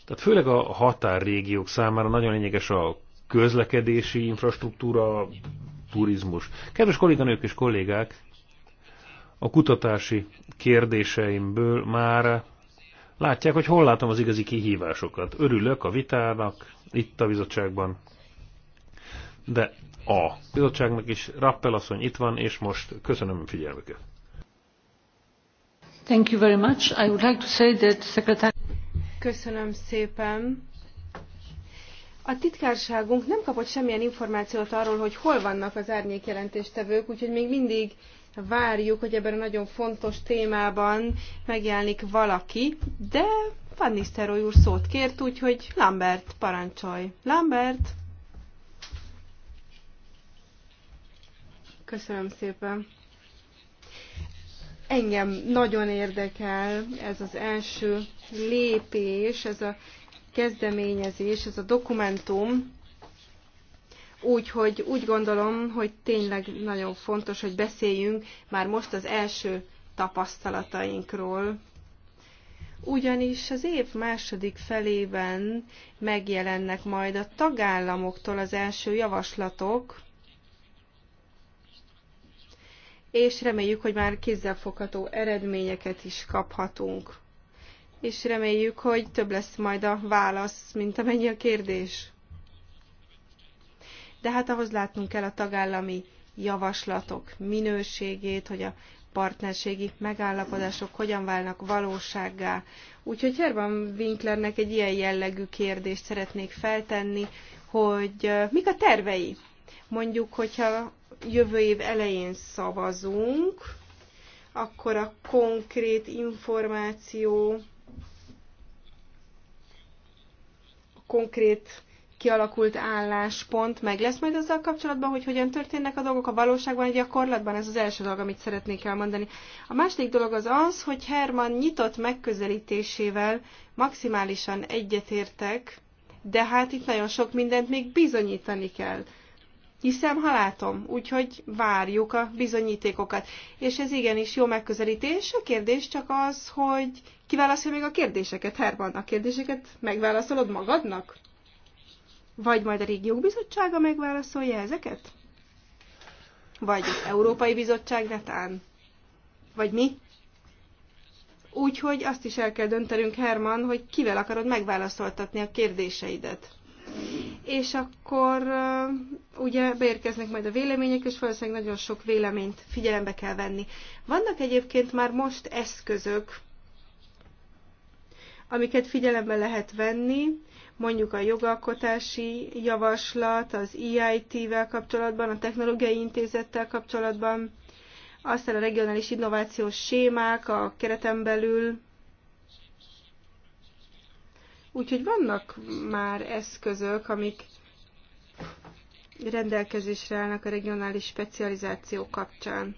Tehát főleg a határrégiók számára nagyon lényeges a közlekedési infrastruktúra, turizmus. Kedves kolléganők és kollégák, a kutatási kérdéseimből már látják, hogy hol látom az igazi kihívásokat. Örülök a vitának itt a bizottságban, de a bizottságnak is Rappel asszony itt van, és most köszönöm figyelmüket. Thank you very much. I would like to say that secretary... Köszönöm szépen. A titkárságunk nem kapott semmilyen információt arról, hogy hol vannak az árnyékjelentéstevők, úgyhogy még mindig várjuk, hogy ebben a nagyon fontos témában megjelenik valaki, de Van Nistelrooy úr szót kért, úgyhogy Lambert, parancsolj. Lambert! Köszönöm szépen. Engem nagyon érdekel ez az első lépés, ez a kezdeményezés, ez a dokumentum, Úgyhogy úgy gondolom, hogy tényleg nagyon fontos, hogy beszéljünk már most az első tapasztalatainkról. Ugyanis az év második felében megjelennek majd a tagállamoktól az első javaslatok, és reméljük, hogy már kézzelfogható eredményeket is kaphatunk. És reméljük, hogy több lesz majd a válasz, mint amennyi a kérdés. De hát ahhoz látnunk kell a tagállami javaslatok minőségét, hogy a partnerségi megállapodások hogyan válnak valósággá. Úgyhogy Herman Winklernek egy ilyen jellegű kérdést szeretnék feltenni, hogy eh, mik a tervei? Mondjuk, hogyha jövő év elején szavazunk, akkor a konkrét információ, a konkrét kialakult álláspont meg lesz majd azzal kapcsolatban, hogy hogyan történnek a dolgok a valóságban, a gyakorlatban. Ez az első dolog, amit szeretnék elmondani. A második dolog az az, hogy Herman nyitott megközelítésével maximálisan egyetértek, de hát itt nagyon sok mindent még bizonyítani kell hiszem, ha látom, úgyhogy várjuk a bizonyítékokat. És ez igenis jó megközelítés, a kérdés csak az, hogy kiválaszolja még a kérdéseket, Herman, a kérdéseket megválaszolod magadnak? Vagy majd a régiók bizottsága megválaszolja ezeket? Vagy az Európai Bizottság netán? Vagy mi? Úgyhogy azt is el kell döntenünk, Herman, hogy kivel akarod megválaszoltatni a kérdéseidet és akkor ugye beérkeznek majd a vélemények, és valószínűleg nagyon sok véleményt figyelembe kell venni. Vannak egyébként már most eszközök, amiket figyelembe lehet venni, mondjuk a jogalkotási javaslat, az EIT-vel kapcsolatban, a Technológiai Intézettel kapcsolatban, aztán a regionális innovációs sémák a kereten belül, Úgyhogy vannak már eszközök, amik rendelkezésre állnak a regionális specializáció kapcsán.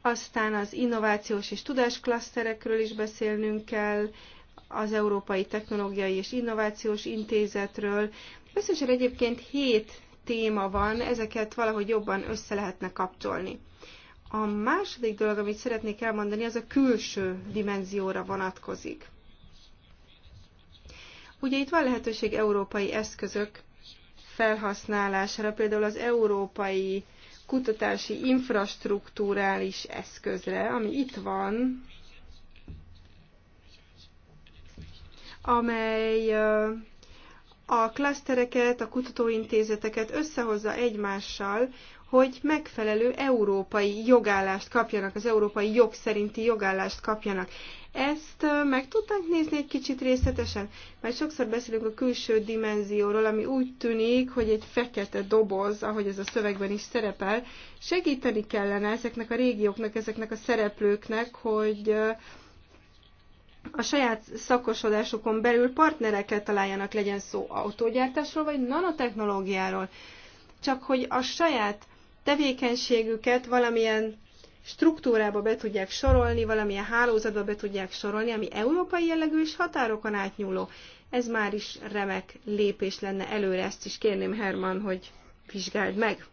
Aztán az innovációs és tudásklaszterekről is beszélnünk kell, az Európai Technológiai és Innovációs Intézetről. Összesen egyébként hét téma van, ezeket valahogy jobban össze lehetne kapcsolni. A második dolog, amit szeretnék elmondani, az a külső dimenzióra vonatkozik. Ugye itt van lehetőség európai eszközök felhasználására, például az európai kutatási infrastruktúrális eszközre, ami itt van, amely a klasztereket, a kutatóintézeteket összehozza egymással, hogy megfelelő európai jogállást kapjanak, az európai jog szerinti jogállást kapjanak. Ezt meg tudnánk nézni egy kicsit részletesen? Mert sokszor beszélünk a külső dimenzióról, ami úgy tűnik, hogy egy fekete doboz, ahogy ez a szövegben is szerepel. Segíteni kellene ezeknek a régióknak, ezeknek a szereplőknek, hogy a saját szakosodásukon belül partnereket találjanak, legyen szó autógyártásról vagy nanotechnológiáról, csak hogy a saját tevékenységüket valamilyen struktúrába be tudják sorolni, valamilyen hálózatba be tudják sorolni, ami európai jellegű és határokon átnyúló. Ez már is remek lépés lenne előre, ezt is kérném Herman, hogy vizsgáld meg.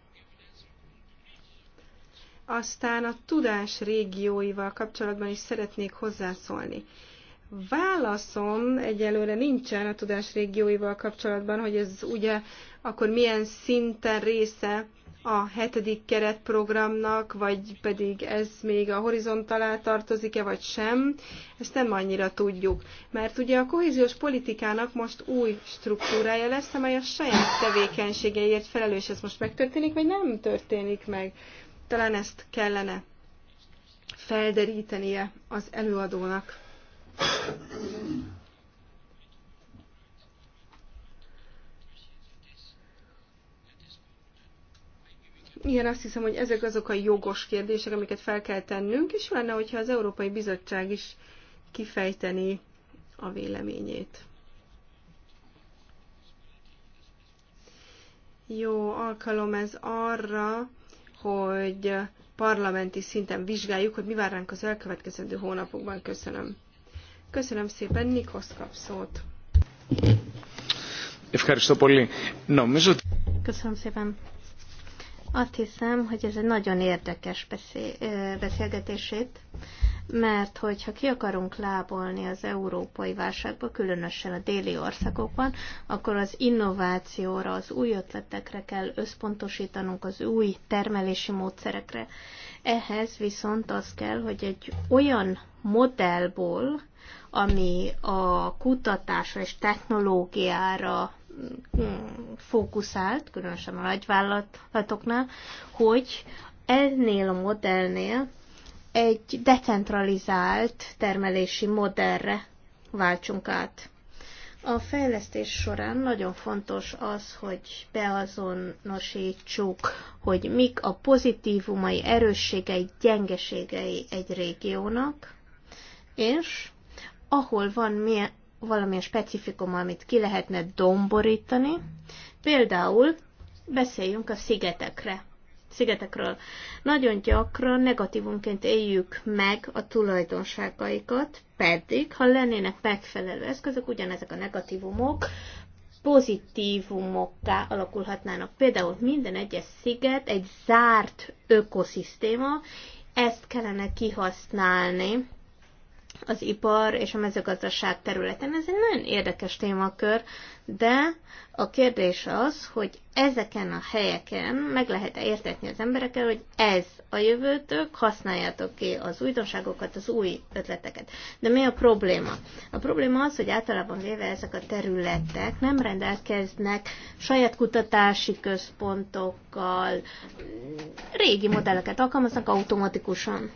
Aztán a tudás régióival kapcsolatban is szeretnék hozzászólni. Válaszom egyelőre nincsen a tudás régióival kapcsolatban, hogy ez ugye akkor milyen szinten része a hetedik keretprogramnak, vagy pedig ez még a horizont alá tartozik-e, vagy sem, ezt nem annyira tudjuk. Mert ugye a kohéziós politikának most új struktúrája lesz, amely a saját tevékenységeért felelős. Ez most megtörténik, vagy nem történik meg? Talán ezt kellene felderítenie az előadónak. Igen, azt hiszem, hogy ezek azok a jogos kérdések, amiket fel kell tennünk, és lenne, hogyha az Európai Bizottság is kifejteni a véleményét. Jó alkalom ez arra, hogy parlamenti szinten vizsgáljuk, hogy mi vár ránk az elkövetkezendő hónapokban. Köszönöm. Köszönöm szépen, Nikosz kap szót. Köszönöm szépen. Azt hiszem, hogy ez egy nagyon érdekes beszélgetését, mert hogyha ki akarunk lábolni az európai válságba, különösen a déli országokban, akkor az innovációra, az új ötletekre kell összpontosítanunk, az új termelési módszerekre. Ehhez viszont az kell, hogy egy olyan modellból, ami a kutatásra és technológiára fókuszált, különösen a nagyvállalatoknál, hogy ennél a modellnél egy decentralizált termelési modellre váltsunk át. A fejlesztés során nagyon fontos az, hogy beazonosítsuk, hogy mik a pozitívumai, erősségei, gyengeségei egy régiónak, és ahol van valamilyen specifikum, amit ki lehetne domborítani. Például beszéljünk a szigetekre. Szigetekről. Nagyon gyakran negatívunként éljük meg a tulajdonságaikat, pedig, ha lennének megfelelő eszközök, ugyanezek a negatívumok pozitívumokká alakulhatnának. Például minden egyes sziget egy zárt ökoszisztéma, ezt kellene kihasználni az ipar és a mezőgazdaság területen. Ez egy nagyon érdekes témakör, de a kérdés az, hogy ezeken a helyeken meg lehet -e értetni az embereket, hogy ez a jövőtök, használjátok ki az újdonságokat, az új ötleteket. De mi a probléma? A probléma az, hogy általában véve ezek a területek nem rendelkeznek saját kutatási központokkal, régi modelleket alkalmaznak automatikusan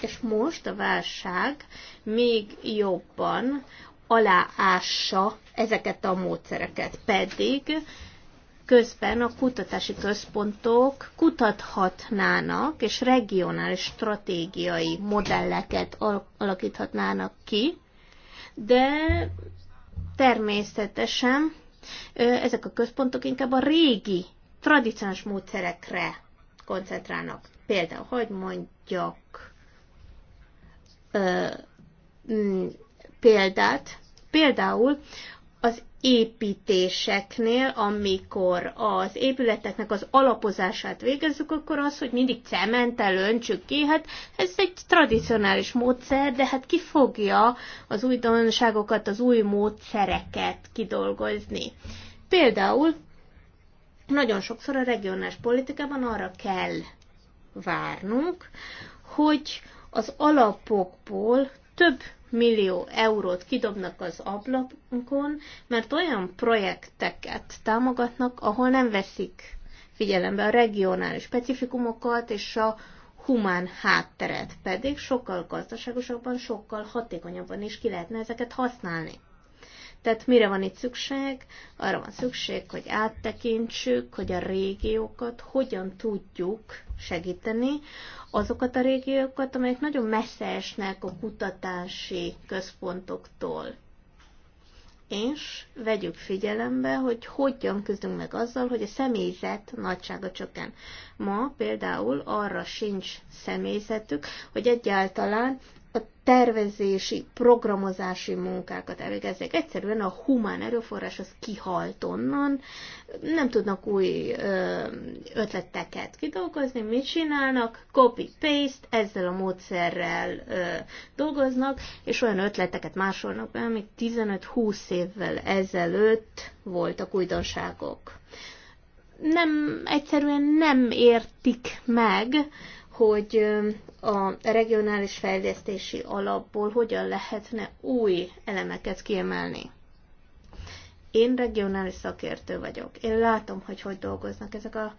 és most a válság még jobban aláássa ezeket a módszereket. Pedig közben a kutatási központok kutathatnának és regionális stratégiai modelleket alakíthatnának ki, de természetesen ezek a központok inkább a régi, tradicionális módszerekre koncentrálnak. Például, hogy mondjak Mm, példát. Például az építéseknél, amikor az épületeknek az alapozását végezzük, akkor az, hogy mindig cementtel öntsük ki, hát ez egy tradicionális módszer, de hát ki fogja az újdonságokat, az új módszereket kidolgozni. Például nagyon sokszor a regionális politikában arra kell várnunk, hogy az alapokból több millió eurót kidobnak az ablakon, mert olyan projekteket támogatnak, ahol nem veszik figyelembe a regionális specifikumokat és a humán hátteret, pedig sokkal gazdaságosabban, sokkal hatékonyabban is ki lehetne ezeket használni. Tehát mire van itt szükség? Arra van szükség, hogy áttekintsük, hogy a régiókat hogyan tudjuk segíteni, azokat a régiókat, amelyek nagyon messze esnek a kutatási központoktól. És vegyük figyelembe, hogy hogyan küzdünk meg azzal, hogy a személyzet nagysága csökken. Ma például arra sincs személyzetük, hogy egyáltalán a tervezési, programozási munkákat elvégezzék. Egyszerűen a humán erőforrás az kihalt onnan, nem tudnak új ötleteket kidolgozni, mit csinálnak, copy-paste, ezzel a módszerrel ö, dolgoznak, és olyan ötleteket másolnak be, amik 15-20 évvel ezelőtt voltak újdonságok. Nem, egyszerűen nem értik meg, hogy a regionális fejlesztési alapból hogyan lehetne új elemeket kiemelni. Én regionális szakértő vagyok. Én látom, hogy hogy dolgoznak ezek a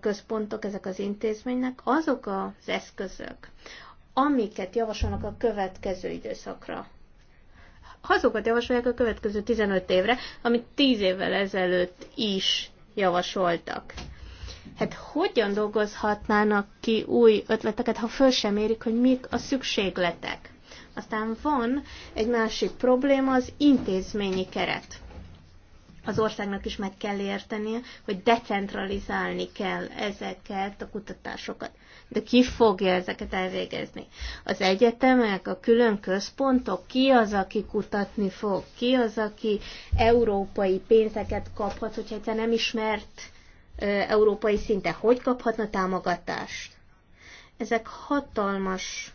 központok, ezek az intézménynek. Azok az eszközök, amiket javasolnak a következő időszakra, azokat javasolják a következő 15 évre, amit 10 évvel ezelőtt is javasoltak hát hogyan dolgozhatnának ki új ötleteket, ha föl sem érik, hogy mik a szükségletek. Aztán van egy másik probléma, az intézményi keret. Az országnak is meg kell értenie, hogy decentralizálni kell ezeket a kutatásokat. De ki fogja ezeket elvégezni? Az egyetemek, a külön központok, ki az, aki kutatni fog, ki az, aki európai pénzeket kaphat, hogyha nem ismert európai szinte hogy kaphatna támogatást. Ezek hatalmas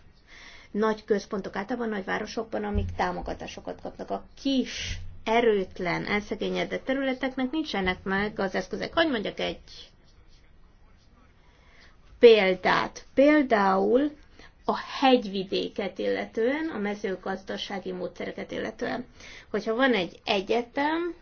nagy központok, általában nagyvárosokban, amik támogatásokat kapnak. A kis, erőtlen, elszegényedett területeknek nincsenek meg az eszközek. Hogy mondjak egy példát? Például a hegyvidéket illetően, a mezőgazdasági módszereket illetően. Hogyha van egy egyetem,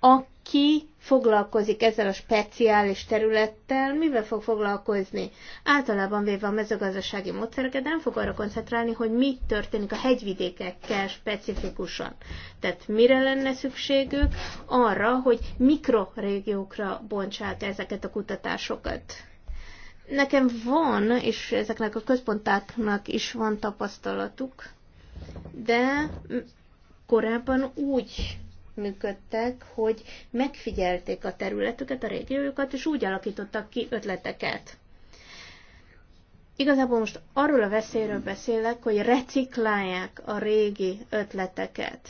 aki foglalkozik ezzel a speciális területtel, mivel fog foglalkozni? Általában véve a mezőgazdasági módszereket nem fog arra koncentrálni, hogy mi történik a hegyvidékekkel specifikusan. Tehát mire lenne szükségük? Arra, hogy mikrorégiókra bontsák ezeket a kutatásokat. Nekem van, és ezeknek a központáknak is van tapasztalatuk, de korábban úgy működtek, hogy megfigyelték a területüket, a régiójukat, és úgy alakítottak ki ötleteket. Igazából most arról a veszélyről beszélek, hogy reciklálják a régi ötleteket.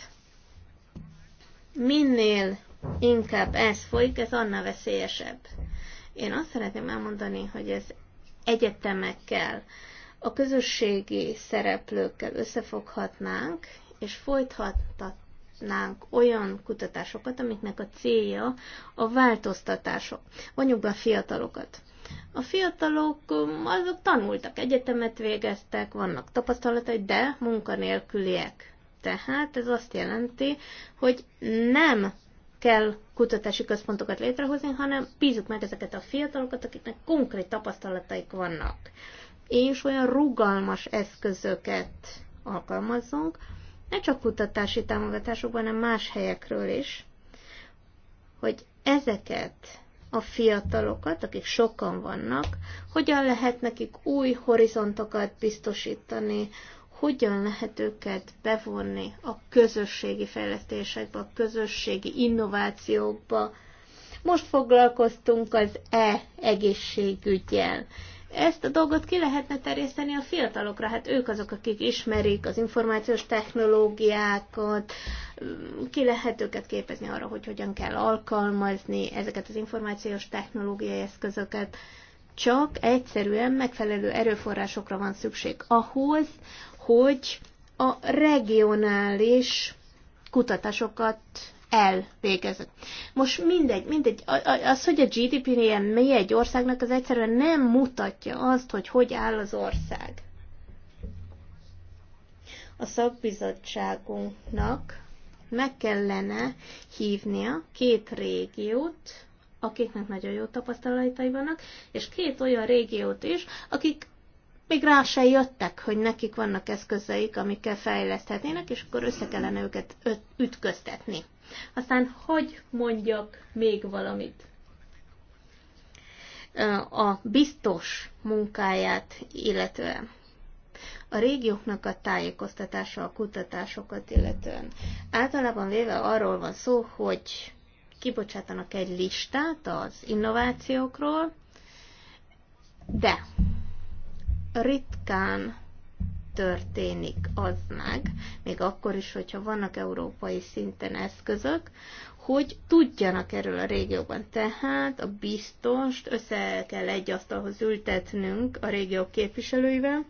Minél inkább ez folyik, ez annál veszélyesebb. Én azt szeretném elmondani, hogy ez egyetemekkel, a közösségi szereplőkkel összefoghatnánk, és folytathat, kaphatnánk olyan kutatásokat, amiknek a célja a változtatások. Vonjuk be a fiatalokat. A fiatalok um, azok tanultak, egyetemet végeztek, vannak tapasztalatai, de munkanélküliek. Tehát ez azt jelenti, hogy nem kell kutatási központokat létrehozni, hanem bízunk meg ezeket a fiatalokat, akiknek konkrét tapasztalataik vannak. És olyan rugalmas eszközöket alkalmazzunk, ne csak kutatási támogatásokban, hanem más helyekről is, hogy ezeket a fiatalokat, akik sokan vannak, hogyan lehet nekik új horizontokat biztosítani, hogyan lehet őket bevonni a közösségi fejlesztésekbe, a közösségi innovációkba. Most foglalkoztunk az e-egészségügyel. Ezt a dolgot ki lehetne terjeszteni a fiatalokra, hát ők azok, akik ismerik az információs technológiákat, ki lehet őket képezni arra, hogy hogyan kell alkalmazni ezeket az információs technológiai eszközöket. Csak egyszerűen megfelelő erőforrásokra van szükség ahhoz, hogy a regionális kutatásokat Elvégezett. Most mindegy, mindegy, az, hogy a GDP ilyen mély egy országnak, az egyszerűen nem mutatja azt, hogy hogy áll az ország. A szakbizottságunknak meg kellene hívnia két régiót, akiknek nagyon jó tapasztalatai vannak, és két olyan régiót is, akik még rá se jöttek, hogy nekik vannak eszközeik, amikkel fejleszthetnének, és akkor össze kellene őket ütköztetni. Aztán hogy mondjak még valamit? A biztos munkáját, illetően a régióknak a tájékoztatása, a kutatásokat illetően. Általában véve arról van szó, hogy kibocsátanak egy listát az innovációkról, de ritkán történik az meg, még akkor is, hogyha vannak európai szinten eszközök, hogy tudjanak erről a régióban. Tehát a biztost össze kell egy asztalhoz ültetnünk a régió képviselőivel,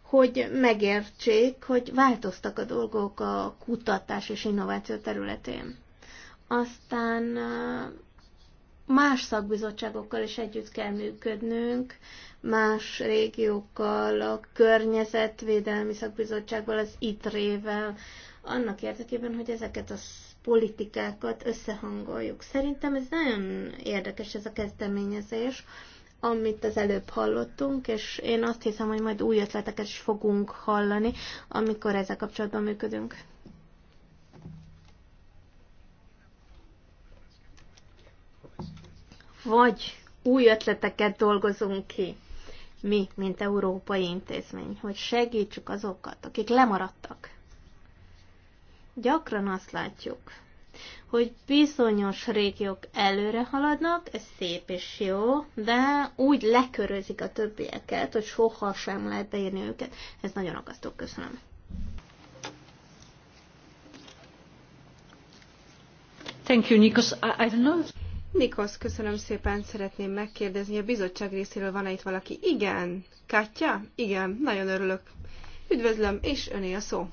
hogy megértsék, hogy változtak a dolgok a kutatás és innováció területén. Aztán más szakbizottságokkal is együtt kell működnünk, más régiókkal, a környezetvédelmi szakbizottságból, az ITRÉ-vel, annak érdekében, hogy ezeket a politikákat összehangoljuk. Szerintem ez nagyon érdekes ez a kezdeményezés, amit az előbb hallottunk, és én azt hiszem, hogy majd új ötleteket is fogunk hallani, amikor ezzel kapcsolatban működünk. vagy új ötleteket dolgozunk ki, mi, mint európai intézmény, hogy segítsük azokat, akik lemaradtak. Gyakran azt látjuk, hogy bizonyos régiók előre haladnak, ez szép és jó, de úgy lekörözik a többieket, hogy soha sem lehet beírni őket. Ez nagyon akasztó, köszönöm. Thank you, Nikos. I, I don't know. Nikosz, köszönöm szépen, szeretném megkérdezni, a bizottság részéről van-e itt valaki? Igen. Kátya? Igen, nagyon örülök. Üdvözlöm, és öné a szó.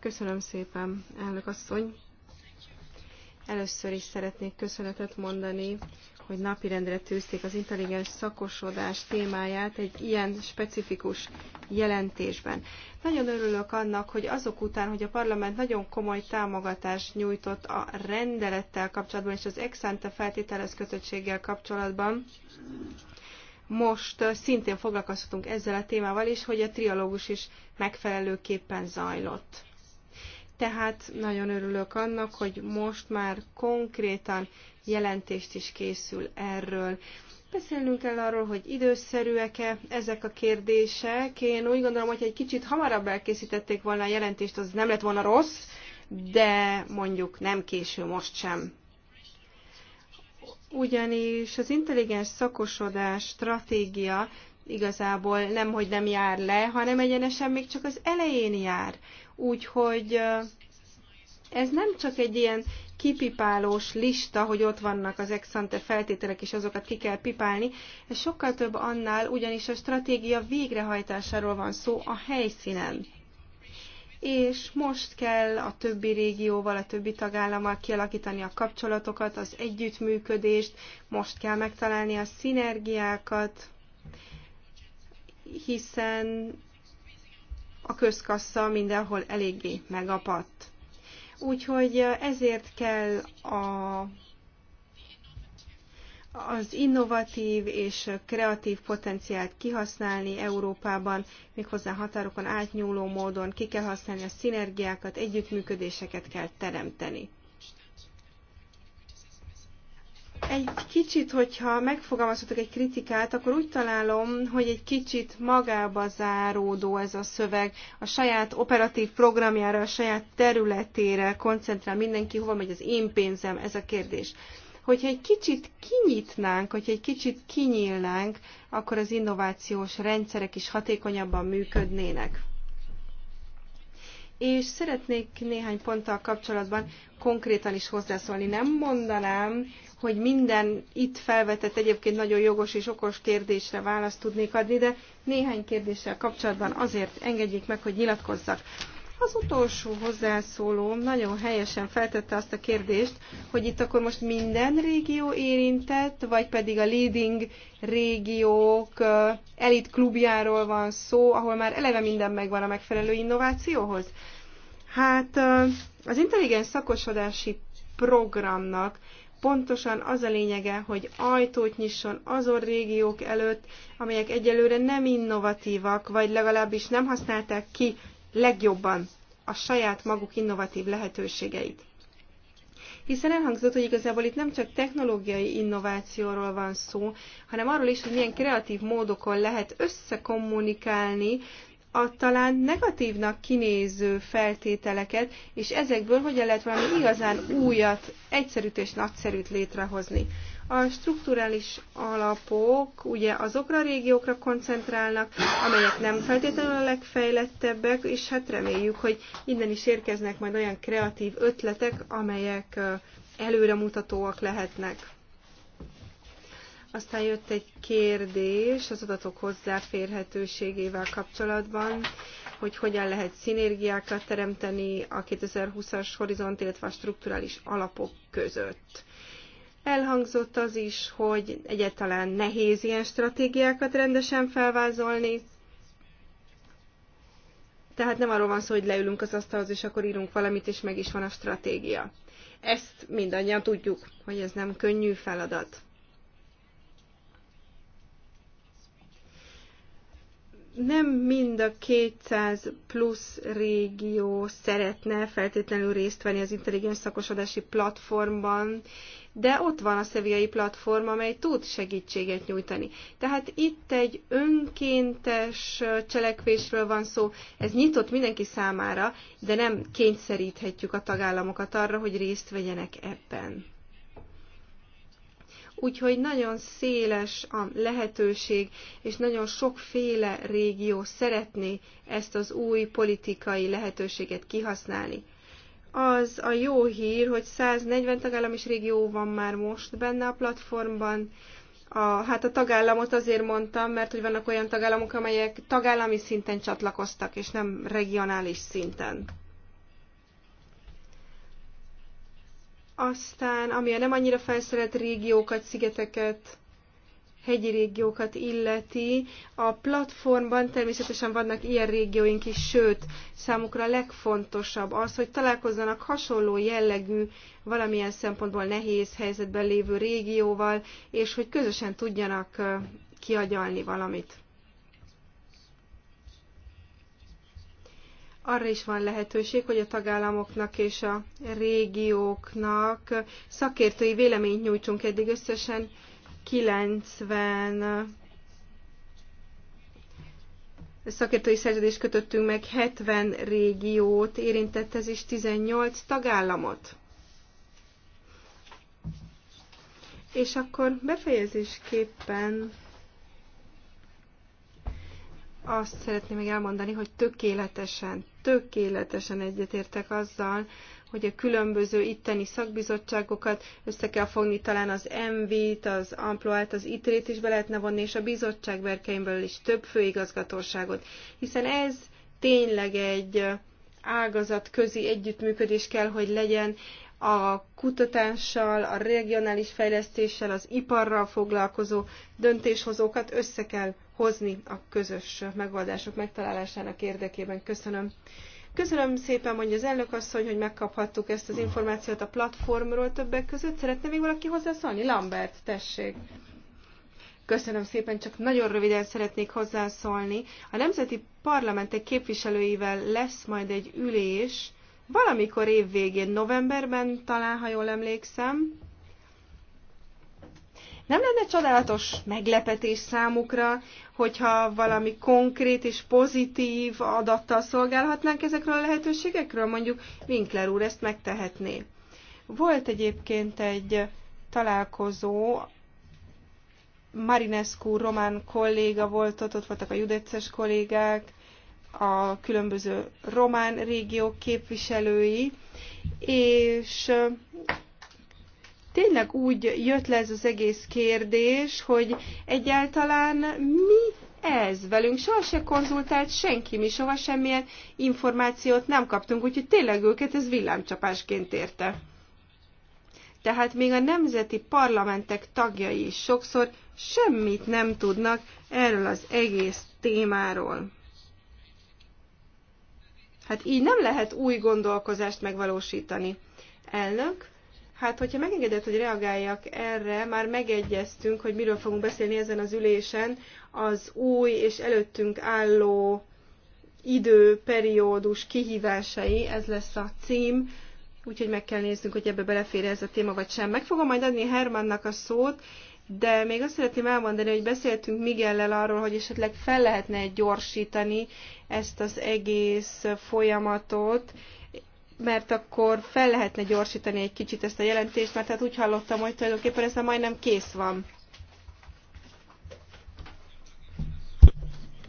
Köszönöm szépen, elnök asszony. Először is szeretnék köszönetet mondani hogy napirendre tűzték az intelligens szakosodás témáját egy ilyen specifikus jelentésben. Nagyon örülök annak, hogy azok után, hogy a parlament nagyon komoly támogatást nyújtott a rendelettel kapcsolatban és az exante feltételez kötöttséggel kapcsolatban, most szintén foglalkozhatunk ezzel a témával is, hogy a trialógus is megfelelőképpen zajlott tehát nagyon örülök annak, hogy most már konkrétan jelentést is készül erről. Beszélnünk kell arról, hogy időszerűek-e ezek a kérdések. Én úgy gondolom, hogy egy kicsit hamarabb elkészítették volna a jelentést, az nem lett volna rossz, de mondjuk nem késő most sem. Ugyanis az intelligens szakosodás stratégia igazából nem, hogy nem jár le, hanem egyenesen még csak az elején jár. Úgyhogy ez nem csak egy ilyen kipipálós lista, hogy ott vannak az exante feltételek, és azokat ki kell pipálni. Ez sokkal több annál, ugyanis a stratégia végrehajtásáról van szó a helyszínen. És most kell a többi régióval, a többi tagállammal kialakítani a kapcsolatokat, az együttműködést, most kell megtalálni a szinergiákat, hiszen a közkassa mindenhol eléggé megapadt. Úgyhogy ezért kell a, az innovatív és kreatív potenciált kihasználni Európában, méghozzá határokon átnyúló módon ki kell használni a szinergiákat, együttműködéseket kell teremteni. Egy kicsit, hogyha megfogalmazhatok egy kritikát, akkor úgy találom, hogy egy kicsit magába záródó ez a szöveg. A saját operatív programjára, a saját területére koncentrál mindenki, hova megy az én pénzem, ez a kérdés hogyha egy kicsit kinyitnánk, hogyha egy kicsit kinyílnánk, akkor az innovációs rendszerek is hatékonyabban működnének. És szeretnék néhány ponttal kapcsolatban konkrétan is hozzászólni. Nem mondanám, hogy minden itt felvetett egyébként nagyon jogos és okos kérdésre választ tudnék adni, de néhány kérdéssel kapcsolatban azért engedjék meg, hogy nyilatkozzak. Az utolsó hozzászóló nagyon helyesen feltette azt a kérdést, hogy itt akkor most minden régió érintett, vagy pedig a leading régiók elit klubjáról van szó, ahol már eleve minden megvan a megfelelő innovációhoz? Hát az intelligens szakosodási programnak pontosan az a lényege, hogy ajtót nyisson azon régiók előtt, amelyek egyelőre nem innovatívak, vagy legalábbis nem használták ki legjobban a saját maguk innovatív lehetőségeit. Hiszen elhangzott, hogy igazából itt nem csak technológiai innovációról van szó, hanem arról is, hogy milyen kreatív módokon lehet összekommunikálni a talán negatívnak kinéző feltételeket, és ezekből hogyan lehet valami igazán újat, egyszerűt és nagyszerűt létrehozni. A strukturális alapok ugye azokra a régiókra koncentrálnak, amelyek nem feltétlenül a legfejlettebbek, és hát reméljük, hogy innen is érkeznek majd olyan kreatív ötletek, amelyek előremutatóak lehetnek. Aztán jött egy kérdés az adatok hozzáférhetőségével kapcsolatban, hogy hogyan lehet szinergiákat teremteni a 2020-as horizont, illetve a strukturális alapok között. Elhangzott az is, hogy egyáltalán nehéz ilyen stratégiákat rendesen felvázolni, tehát nem arról van szó, hogy leülünk az asztalhoz, és akkor írunk valamit, és meg is van a stratégia. Ezt mindannyian tudjuk, hogy ez nem könnyű feladat. nem mind a 200 plusz régió szeretne feltétlenül részt venni az intelligens szakosodási platformban, de ott van a szeviai platform, amely tud segítséget nyújtani. Tehát itt egy önkéntes cselekvésről van szó, ez nyitott mindenki számára, de nem kényszeríthetjük a tagállamokat arra, hogy részt vegyenek ebben. Úgyhogy nagyon széles a lehetőség, és nagyon sokféle régió szeretné ezt az új politikai lehetőséget kihasználni. Az a jó hír, hogy 140 tagállam és régió van már most benne a platformban, a, hát a tagállamot azért mondtam, mert hogy vannak olyan tagállamok, amelyek tagállami szinten csatlakoztak, és nem regionális szinten. Aztán, ami a nem annyira felszerelt régiókat, szigeteket, hegyi régiókat illeti. A platformban természetesen vannak ilyen régióink is, sőt, számukra a legfontosabb az, hogy találkozzanak hasonló jellegű, valamilyen szempontból nehéz helyzetben lévő régióval, és hogy közösen tudjanak eh, kiagyalni valamit. arra is van lehetőség, hogy a tagállamoknak és a régióknak szakértői véleményt nyújtsunk. Eddig összesen 90 szakértői szerződést kötöttünk meg, 70 régiót érintett ez is 18 tagállamot. És akkor befejezésképpen azt szeretném még elmondani, hogy tökéletesen, tökéletesen egyetértek azzal, hogy a különböző itteni szakbizottságokat össze kell fogni, talán az MV-t, az Amploát, az ITRÉ-t is be lehetne vonni, és a bizottság berkeimből is több főigazgatóságot. Hiszen ez tényleg egy ágazat közi együttműködés kell, hogy legyen a kutatással, a regionális fejlesztéssel, az iparral foglalkozó döntéshozókat össze kell hozni a közös megoldások megtalálásának érdekében. Köszönöm. Köszönöm szépen, mondja az elnök asszony, hogy megkaphattuk ezt az információt a platformról többek között. Szeretne még valaki hozzászólni? Lambert, tessék! Köszönöm szépen, csak nagyon röviden szeretnék hozzászólni. A nemzeti parlamentek képviselőivel lesz majd egy ülés, valamikor évvégén, novemberben talán, ha jól emlékszem. Nem lenne csodálatos meglepetés számukra, hogyha valami konkrét és pozitív adattal szolgálhatnánk ezekről a lehetőségekről? Mondjuk Winkler úr ezt megtehetné. Volt egyébként egy találkozó, Marinescu román kolléga volt ott, ott voltak a judeces kollégák, a különböző román régiók képviselői, és tényleg úgy jött le ez az egész kérdés, hogy egyáltalán mi ez? Velünk soha se konzultált senki, mi soha semmilyen információt nem kaptunk, úgyhogy tényleg őket ez villámcsapásként érte. Tehát még a nemzeti parlamentek tagjai is sokszor semmit nem tudnak erről az egész témáról. Hát így nem lehet új gondolkozást megvalósítani. Elnök, Hát, hogyha megengedett, hogy reagáljak erre, már megegyeztünk, hogy miről fogunk beszélni ezen az ülésen, az új és előttünk álló időperiódus kihívásai, ez lesz a cím, úgyhogy meg kell néznünk, hogy ebbe belefér ez a téma vagy sem. Meg fogom majd adni Hermannak a szót, de még azt szeretném elmondani, hogy beszéltünk Miguellel arról, hogy esetleg fel lehetne gyorsítani ezt az egész folyamatot, mert akkor fel lehetne gyorsítani egy kicsit ezt a jelentést, mert hát úgy hallottam, hogy tulajdonképpen ez majdnem kész van.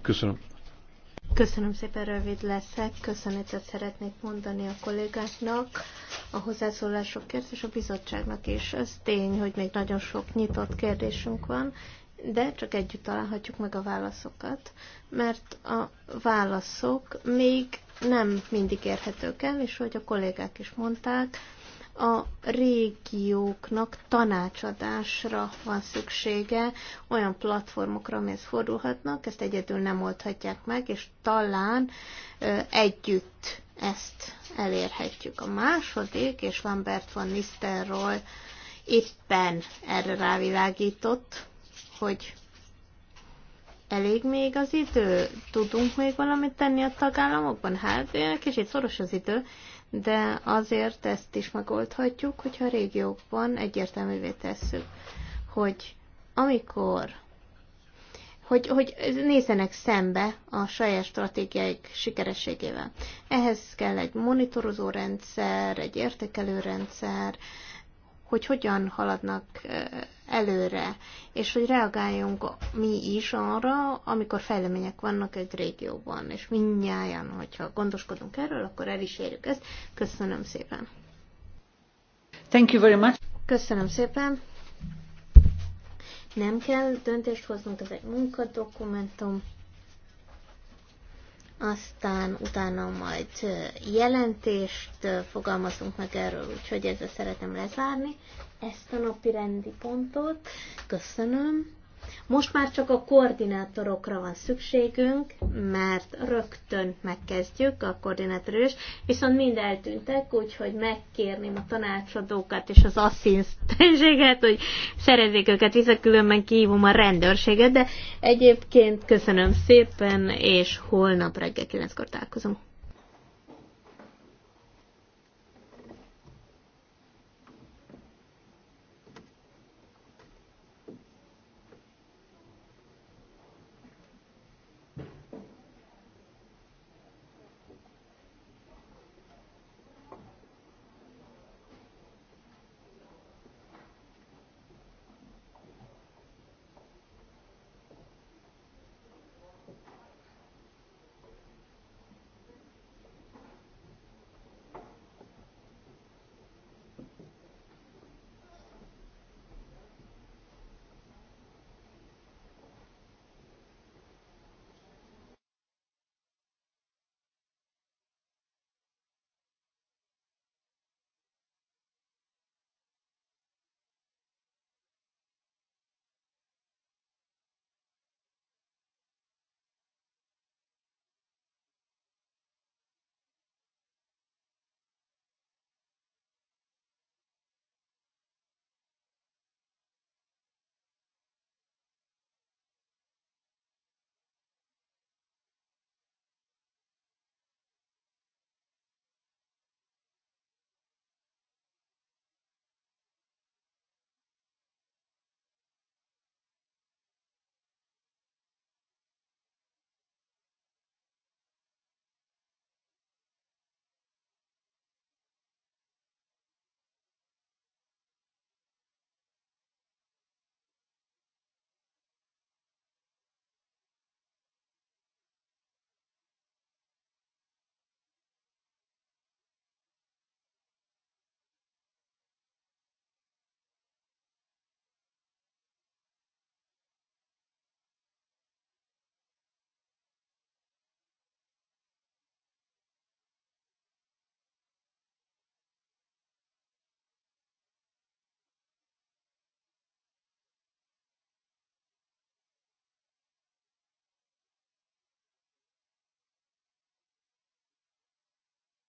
Köszönöm. Köszönöm szépen, rövid leszek. Köszönetet szeretnék mondani a kollégáknak, a hozzászólásokért és a bizottságnak is. Ez tény, hogy még nagyon sok nyitott kérdésünk van, de csak együtt találhatjuk meg a válaszokat, mert a válaszok még nem mindig érhetők el, és hogy a kollégák is mondták, a régióknak tanácsadásra van szüksége, olyan platformokra, amihez fordulhatnak, ezt egyedül nem oldhatják meg, és talán ö, együtt ezt elérhetjük. A második, és Lambert van Nisterról éppen erre rávilágított, hogy Elég még az idő? Tudunk még valamit tenni a tagállamokban? Hát kicsit szoros az idő, de azért ezt is megoldhatjuk, hogyha a régiókban egyértelművé tesszük, hogy amikor hogy, hogy nézzenek szembe a saját stratégiáik sikerességével. Ehhez kell egy monitorozó rendszer, egy értékelő rendszer, hogy hogyan haladnak előre, és hogy reagáljunk mi is arra, amikor fejlemények vannak egy régióban, és mindnyáján, hogyha gondoskodunk erről, akkor el is érjük ezt. Köszönöm szépen! Thank you very much. Köszönöm szépen! Nem kell döntést hoznunk, ez egy munkadokumentum aztán utána majd jelentést fogalmazunk meg erről, úgyhogy ezzel szeretem lezárni ezt a napi rendi pontot. Köszönöm. Most már csak a koordinátorokra van szükségünk, mert rögtön megkezdjük a koordinátorős, viszont mind eltűntek, úgyhogy megkérném a tanácsadókat és az asszisztenséget, hogy szerezzék őket vissza, különben kihívom a rendőrséget, de egyébként köszönöm szépen, és holnap reggel 9-kor találkozunk.